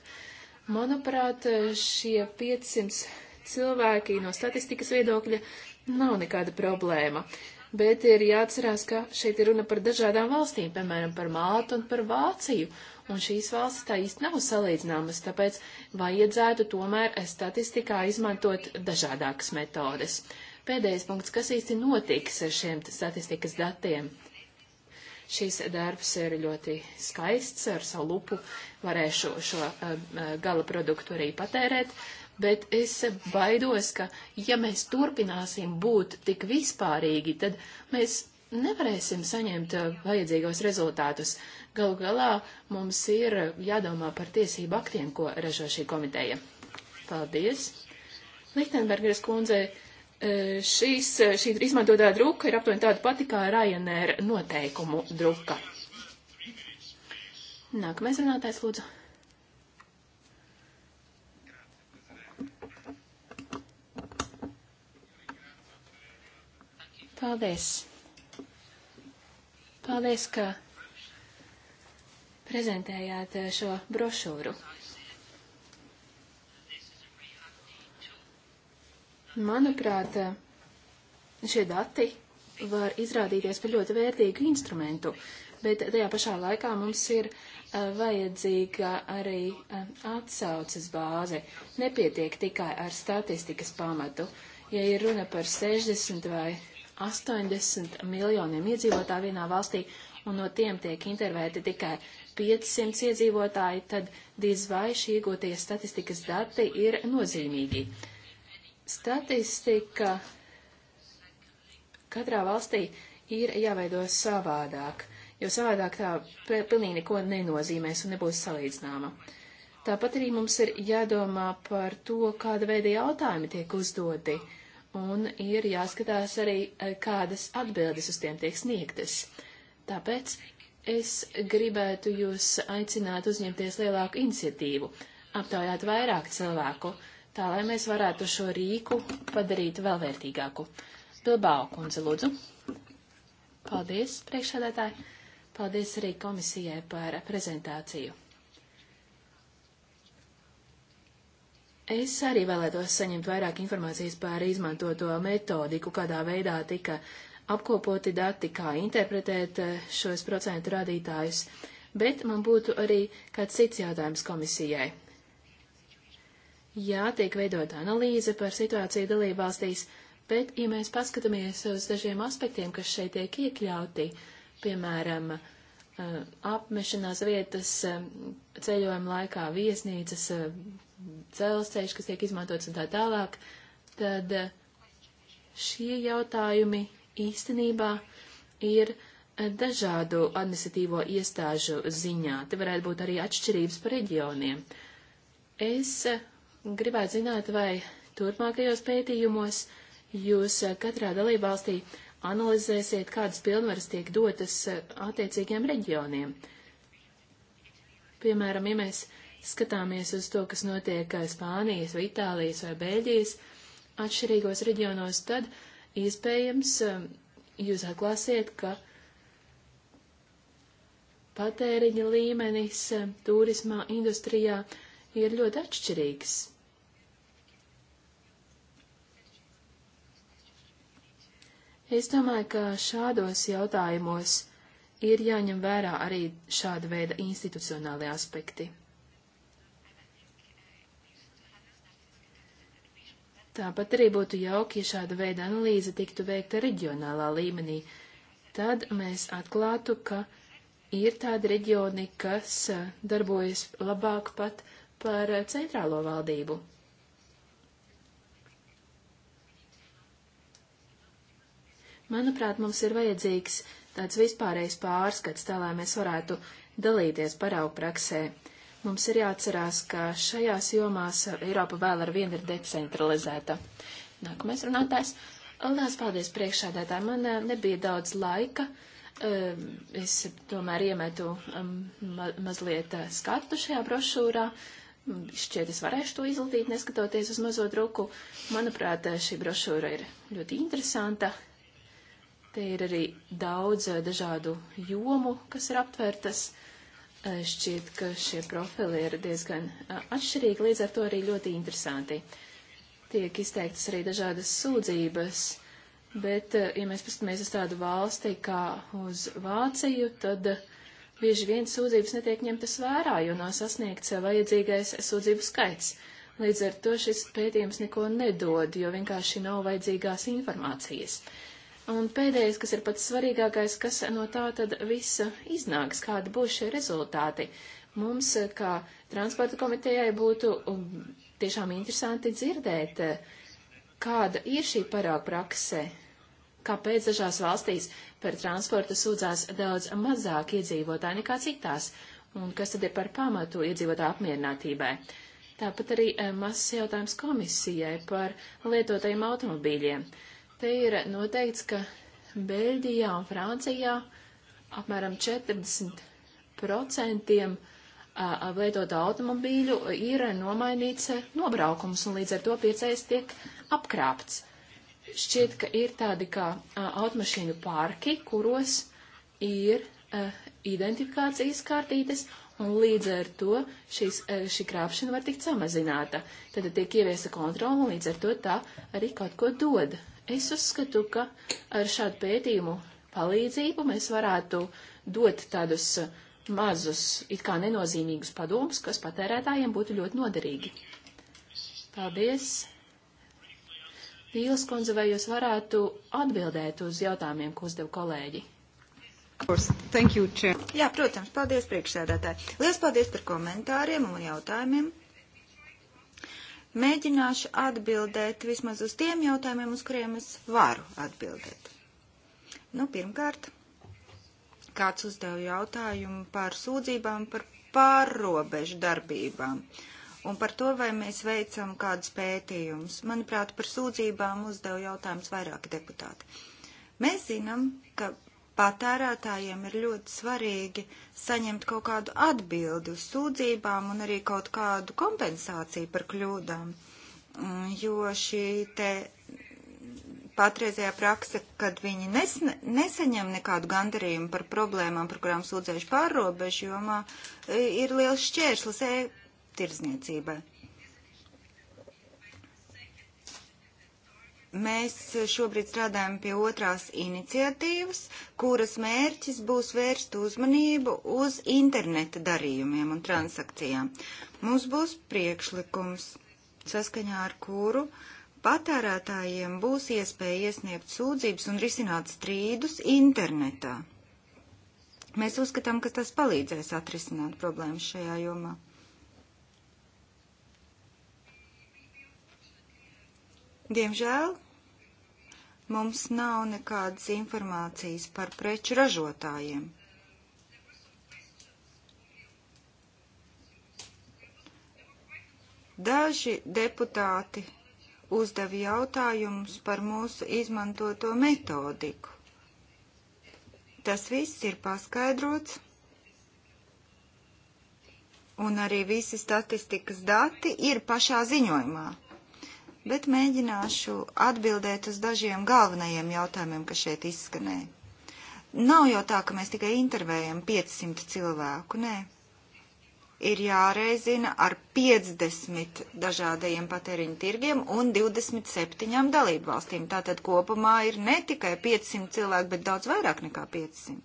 Manuprāt, šie 500 cilvēki no statistikas viedokļa nav nekāda problēma. Bet ir jāatcerās, ka šeit ir runa par dažādām valstīm, piemēram, par Maltu un par Vāciju. Un šīs valstis tā īsti nav salīdzināmas, tāpēc vajadzētu tomēr statistikā izmantot dažādākas metodes. Pēdējais punkts, kas īsti notiks ar šiem statistikas datiem? Šis darbs ir ļoti skaists, ar savu lupu varēšu šo, šo eh, eh, gala produktu arī patērēt, bet es baidos, ka ja mēs turpināsim būt tik vispārīgi, tad mēs nevarēsim saņemt eh, vajadzīgos rezultātus. Galu galā mums ir jādomā par tiesību aktiem, ko ražo šī komiteja. Paldies! Lichtenbergeres kundzei eh, šīs, šī izmantotā druka ir aptuveni tāda pati kā Ryanair noteikumu druka. Nākamais runātājs, lūdzu. Paldies! Paldies, ka prezentējāt eh, šo brošūru. Manuprāt, eh, šie dati var izrādīties par ļoti vērtīgu instrumentu, bet tajā pašā laikā mums ir eh, vajadzīga arī atsaucas bāze. Nepietiek tikai ar statistikas pamatu. Ja ir runa par 60 vai 80 miljoniem iedzīvotāju vienā valstī, un no tiem tiek intervēti tikai 500 iedzīvotāji, tad diez vai šī iegūtie statistikas dati ir nozīmīgi. Statistika katrā valstī ir jāveido savādāk, jo savādāk tā pilnīgi neko nenozīmēs un nebūs salīdzināma. Tāpat arī mums ir jādomā par to, kāda veida jautājumi tiek uzdoti. Uh, un ir jāskatās arī, eh, kādas atbildes uz tiem tiek sniegtas. Tāpēc es gribētu jūs aicināt uzņemties lielāku iniciatīvu, aptaujāt vairāk cilvēku, tā lai mēs varētu šo rīku padarīt vēl vērtīgāku. Bilbao kundze, lūdzu. Paldies, priekšsēdētāji. Paldies arī komisijai par prezentāciju. Es arī vēlētos saņemt vairāk informācijas par izmantoto metodiku, kādā veidā tika apkopoti dati, kā interpretēt eh, šos procentu rādītājus, bet man būtu arī kāds cits jautājums komisijai. Jā, tiek veidota analīze par situāciju dalībvalstīs, bet, ja mēs paskatāmies uz dažiem aspektiem, kas šeit tiek iekļauti, piemēram, uh, Eh, apmešanās vietas eh, ceļojuma laikā, viesnīcas, eh, dzelzceļš, kas tiek izmantots un tā tālāk, tad šie jautājumi īstenībā ir dažādu administratīvo iestāžu ziņā. Te varētu būt arī atšķirības par reģioniem. Es gribētu zināt, vai turpmākajos pētījumos jūs katrā dalībvalstī valstī analizēsiet, kādas pilnvaras tiek dotas e, attiecīgiem reģioniem. Piemēram, ja mēs skatāmies uz to, kas notiek e, Spānijas vai Itālijas vai Bēļģijas atšķirīgos reģionos, tad iespējams e, jūs atklāsiet, ka patēriņa līmenis turismā industrijā ir ļoti atšķirīgs. Es domāju, ka šādos jautājumos ir jāņem vērā arī šāda veida institucionāli aspekti. Tāpat arī būtu jauki, ja šāda veida analīze tiktu veikta reģionālā līmenī. Tad mēs atklātu, ka ir tādi reģioni, kas darbojas labāk pat par centrālo valdību. Manuprāt, mums ir vajadzīgs tāds vispārējs pārskats, tā lai mēs varētu dalīties paraugu praksē. Mums ir jāatcerās, ka šajās jomās Eiropa vēl ar vienu ir decentralizēta. Nākamais runātājs. Lielas paldies priekšādētāji. Man eh, nebija daudz laika. Ehm, es tomēr iemetu ehm, ma mazliet eh, skatu šajā brošūrā. Šķiet, es varēšu to izlatīt, neskatoties uz mazo druku. Manuprāt, eh, šī brošūra ir ļoti interesanta. Te ir arī daudz eh, dažādu jomu, kas ir aptvērtas. Eh, šķiet, ka šie profili ir diezgan eh, atšķirīgi, līdz ar to arī ļoti interesanti. Tiek izteiktas arī dažādas sūdzības, bet, ja mēs paskatāmies uz tādu valsti kā uz Vāciju, tad bieži vien sūdzības netiek ņemtas vērā, jo nav sasniegts vajadzīgais sūdzību skaits. Līdz ar to šis pētījums neko nedod, jo vienkārši nav vajadzīgās informācijas. Uh, Un pēdējais, kas ir pats svarīgākais, kas no tā tad visa iznāks, kādi būs šie rezultāti. Mums, kā transporta komitejai, būtu um, tiešām interesanti dzirdēt, kāda ir šī parauga prakse, kāpēc dažās valstīs par transportu sūdzās daudz mazāk iedzīvotāji nekā citās, un kas tad ir par pamatu iedzīvotāju apmierinātībai. Tāpat arī eh, mazs jautājums komisijai par lietotajiem automobīļiem. Uh, Te ir noteikts, ka Beļģijā un Francijā apmēram 40% lietotā automobīļu ir nomainīts nobraukums, un līdz ar to piecējs tiek apkrāpts. Šķiet, ka ir tādi kā automašīnu parki, kuros ir identifikācijas kārtītes, un līdz ar to šis, šī krāpšana var tikt samazināta. Tad tiek ieviesa kontrola, un līdz ar to tā arī kaut ko dod Es uzskatu, ka ar šādu pētījumu palīdzību mēs varētu dot tādus mazus, it kā nenozīmīgus padomus, kas patērētājiem būtu ļoti noderīgi. Paldies! Vīles kundze, vai jūs varētu atbildēt
uz jautājumiem, ko uzdev kolēģi? You, Jā, protams, paldies priekšsēdētāji. Lielas paldies par komentāriem un jautājumiem. Mēģināšu atbildēt vismaz uz tiem jautājumiem, uz kuriem es varu atbildēt. Nu, pirmkārt, kāds uzdeva jautājumu par sūdzībām, par pārrobežu darbībām un par to, vai mēs veicam kādus pētījumus. Manuprāt, par sūdzībām uzdeva jautājums vairāki deputāti. Mēs zinām, ka patērētājiem ir ļoti svarīgi saņemt kaut kādu atbildi uz sūdzībām un arī kaut kādu kompensāciju par kļūdām, mm, jo šī te patreizējā praksa, kad viņi nesne, nesaņem nekādu gandarījumu par problēmām, par kurām sūdzējuši pārrobežu jomā, ir liels šķēršlis e-tirdzniecībai. Mēs šobrīd strādājam pie otrās iniciatīvas, kuras mērķis būs vērst uzmanību uz interneta darījumiem un transakcijām. Mums būs priekšlikums, saskaņā ar kuru patērētājiem būs iespēja iesniegt sūdzības un risināt strīdus internetā. Mēs uzskatām, ka tas palīdzēs atrisināt problēmas šajā jomā. Diemžēl mums nav nekādas informācijas par preču ražotājiem. Daži deputāti uzdeva jautājumus par mūsu izmantoto metodiku. Tas viss ir paskaidrots, un arī visi statistikas dati ir pašā ziņojumā bet mēģināšu atbildēt uz dažiem galvenajiem jautājumiem, kas šeit izskanēja. Nav jau tā, ka mēs tikai intervējam 500 cilvēku, nē. Ir jāreizina ar 50 dažādajiem patēriņu tirgiem un 27 dalību valstīm. Tātad kopumā ir ne tikai 500 cilvēku, bet daudz vairāk nekā 500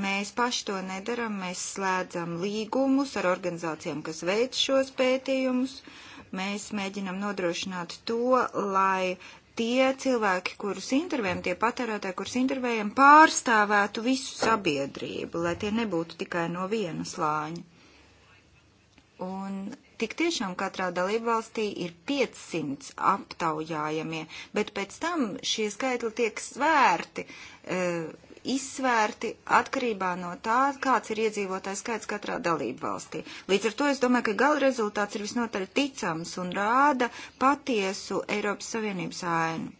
mēs paši to nedaram, mēs slēdzam līgumus ar organizācijām, kas veic šos pētījumus. Uh, Mēs mēģinam nodrošināt to, lai tie cilvēki, kurus intervējam, tie patērētāji, kurus intervējam, pārstāvētu visu sabiedrību, lai tie nebūtu tikai no viena slāņa. Un tik tiešām katrā dalībvalstī ir 500 aptaujājamie, bet pēc tam šie skaitli tiek svērti. Uh, izsvērti atkarībā no tā, kāds ir iedzīvotājs skaits katrā dalību valstī. Līdz ar to es domāju, ka gala rezultāts ir visnotaļ ticams un rāda patiesu Eiropas Savienības ainu.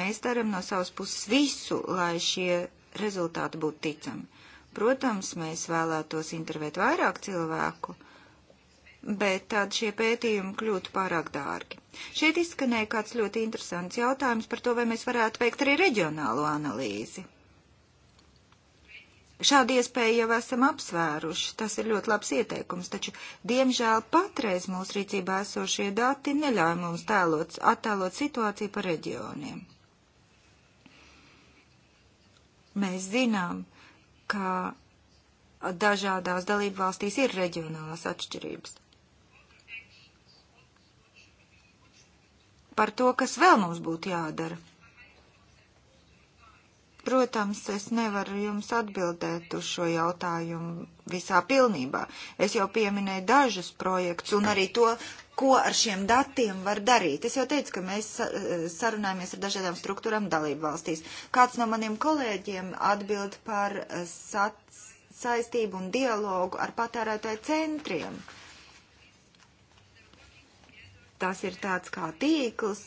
Mēs darām no savas puses visu, lai šie rezultāti būtu ticami. Protams, mēs vēlētos intervēt vairāk cilvēku bet tad šie pētījumi kļūtu pārāk dārgi. Šeit izskanēja kāds ļoti interesants jautājums par to, vai mēs varētu veikt arī reģionālo analīzi. Šādu iespēju jau esam apsvēruši, tas ir ļoti labs ieteikums, taču, diemžēl, patreiz mūsu rīcībā esošie dati neļauj mums tēlot, attēlot situāciju par reģioniem. Mēs zinām, ka dažādās dalību valstīs ir reģionālās atšķirības. par to, kas vēl mums būtu jādara. Protams, es nevaru jums atbildēt uz šo jautājumu visā pilnībā. Es jau pieminēju dažus projektus un arī to, ko ar šiem datiem var darīt. Es jau teicu, ka mēs sarunājamies ar dažādām struktūrām dalību valstīs. Kāds no maniem kolēģiem atbild par eh, saistību un dialogu ar patērētāju centriem. Uh, Tas ir tāds kā tīkls,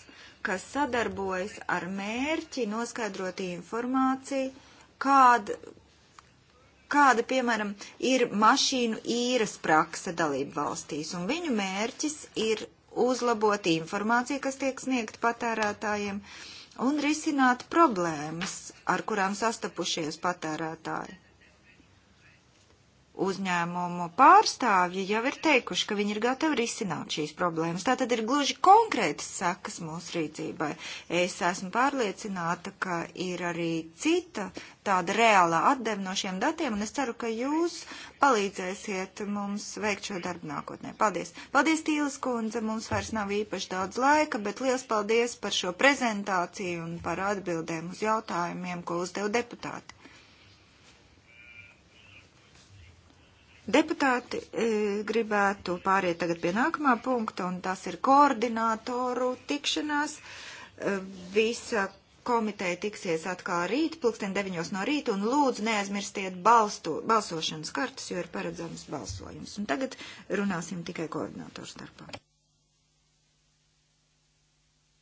kas sadarbojas ar mērķi noskaidrot informāciju, kāda, kāda, piemēram, ir mašīnu īres prakse dalību valstīs, un viņu mērķis ir uzlabot informāciju, kas tiek sniegt patērētājiem, un risināt problēmas, ar kurām sastapušies patērētāji uzņēmumu pārstāvji jau ir teikuši, ka viņi ir gatavi risināt šīs problēmas. Tā tad ir gluži konkrētas sekas mūsu rīcībai. Es esmu pārliecināta, ka ir arī cita tāda reālā atdeve no šiem datiem, un es ceru, ka jūs palīdzēsiet mums veikt šo darbu nākotnē. Paldies! Paldies, Tīles kundze! Mums vairs nav īpaši daudz laika, bet liels paldies par šo prezentāciju un par atbildēm uz jautājumiem, ko uzdev deputāti. Deputāti e, gribētu pāriet tagad pie nākamā punkta, un tas ir koordinātoru tikšanās. E, visa komiteja tiksies atkal rīt, pulksten 9 no rīta, un lūdzu neaizmirstiet balstu, balsošanas kartas, jo ir paredzams balsojums. Un tagad runāsim tikai koordinātoru starpā.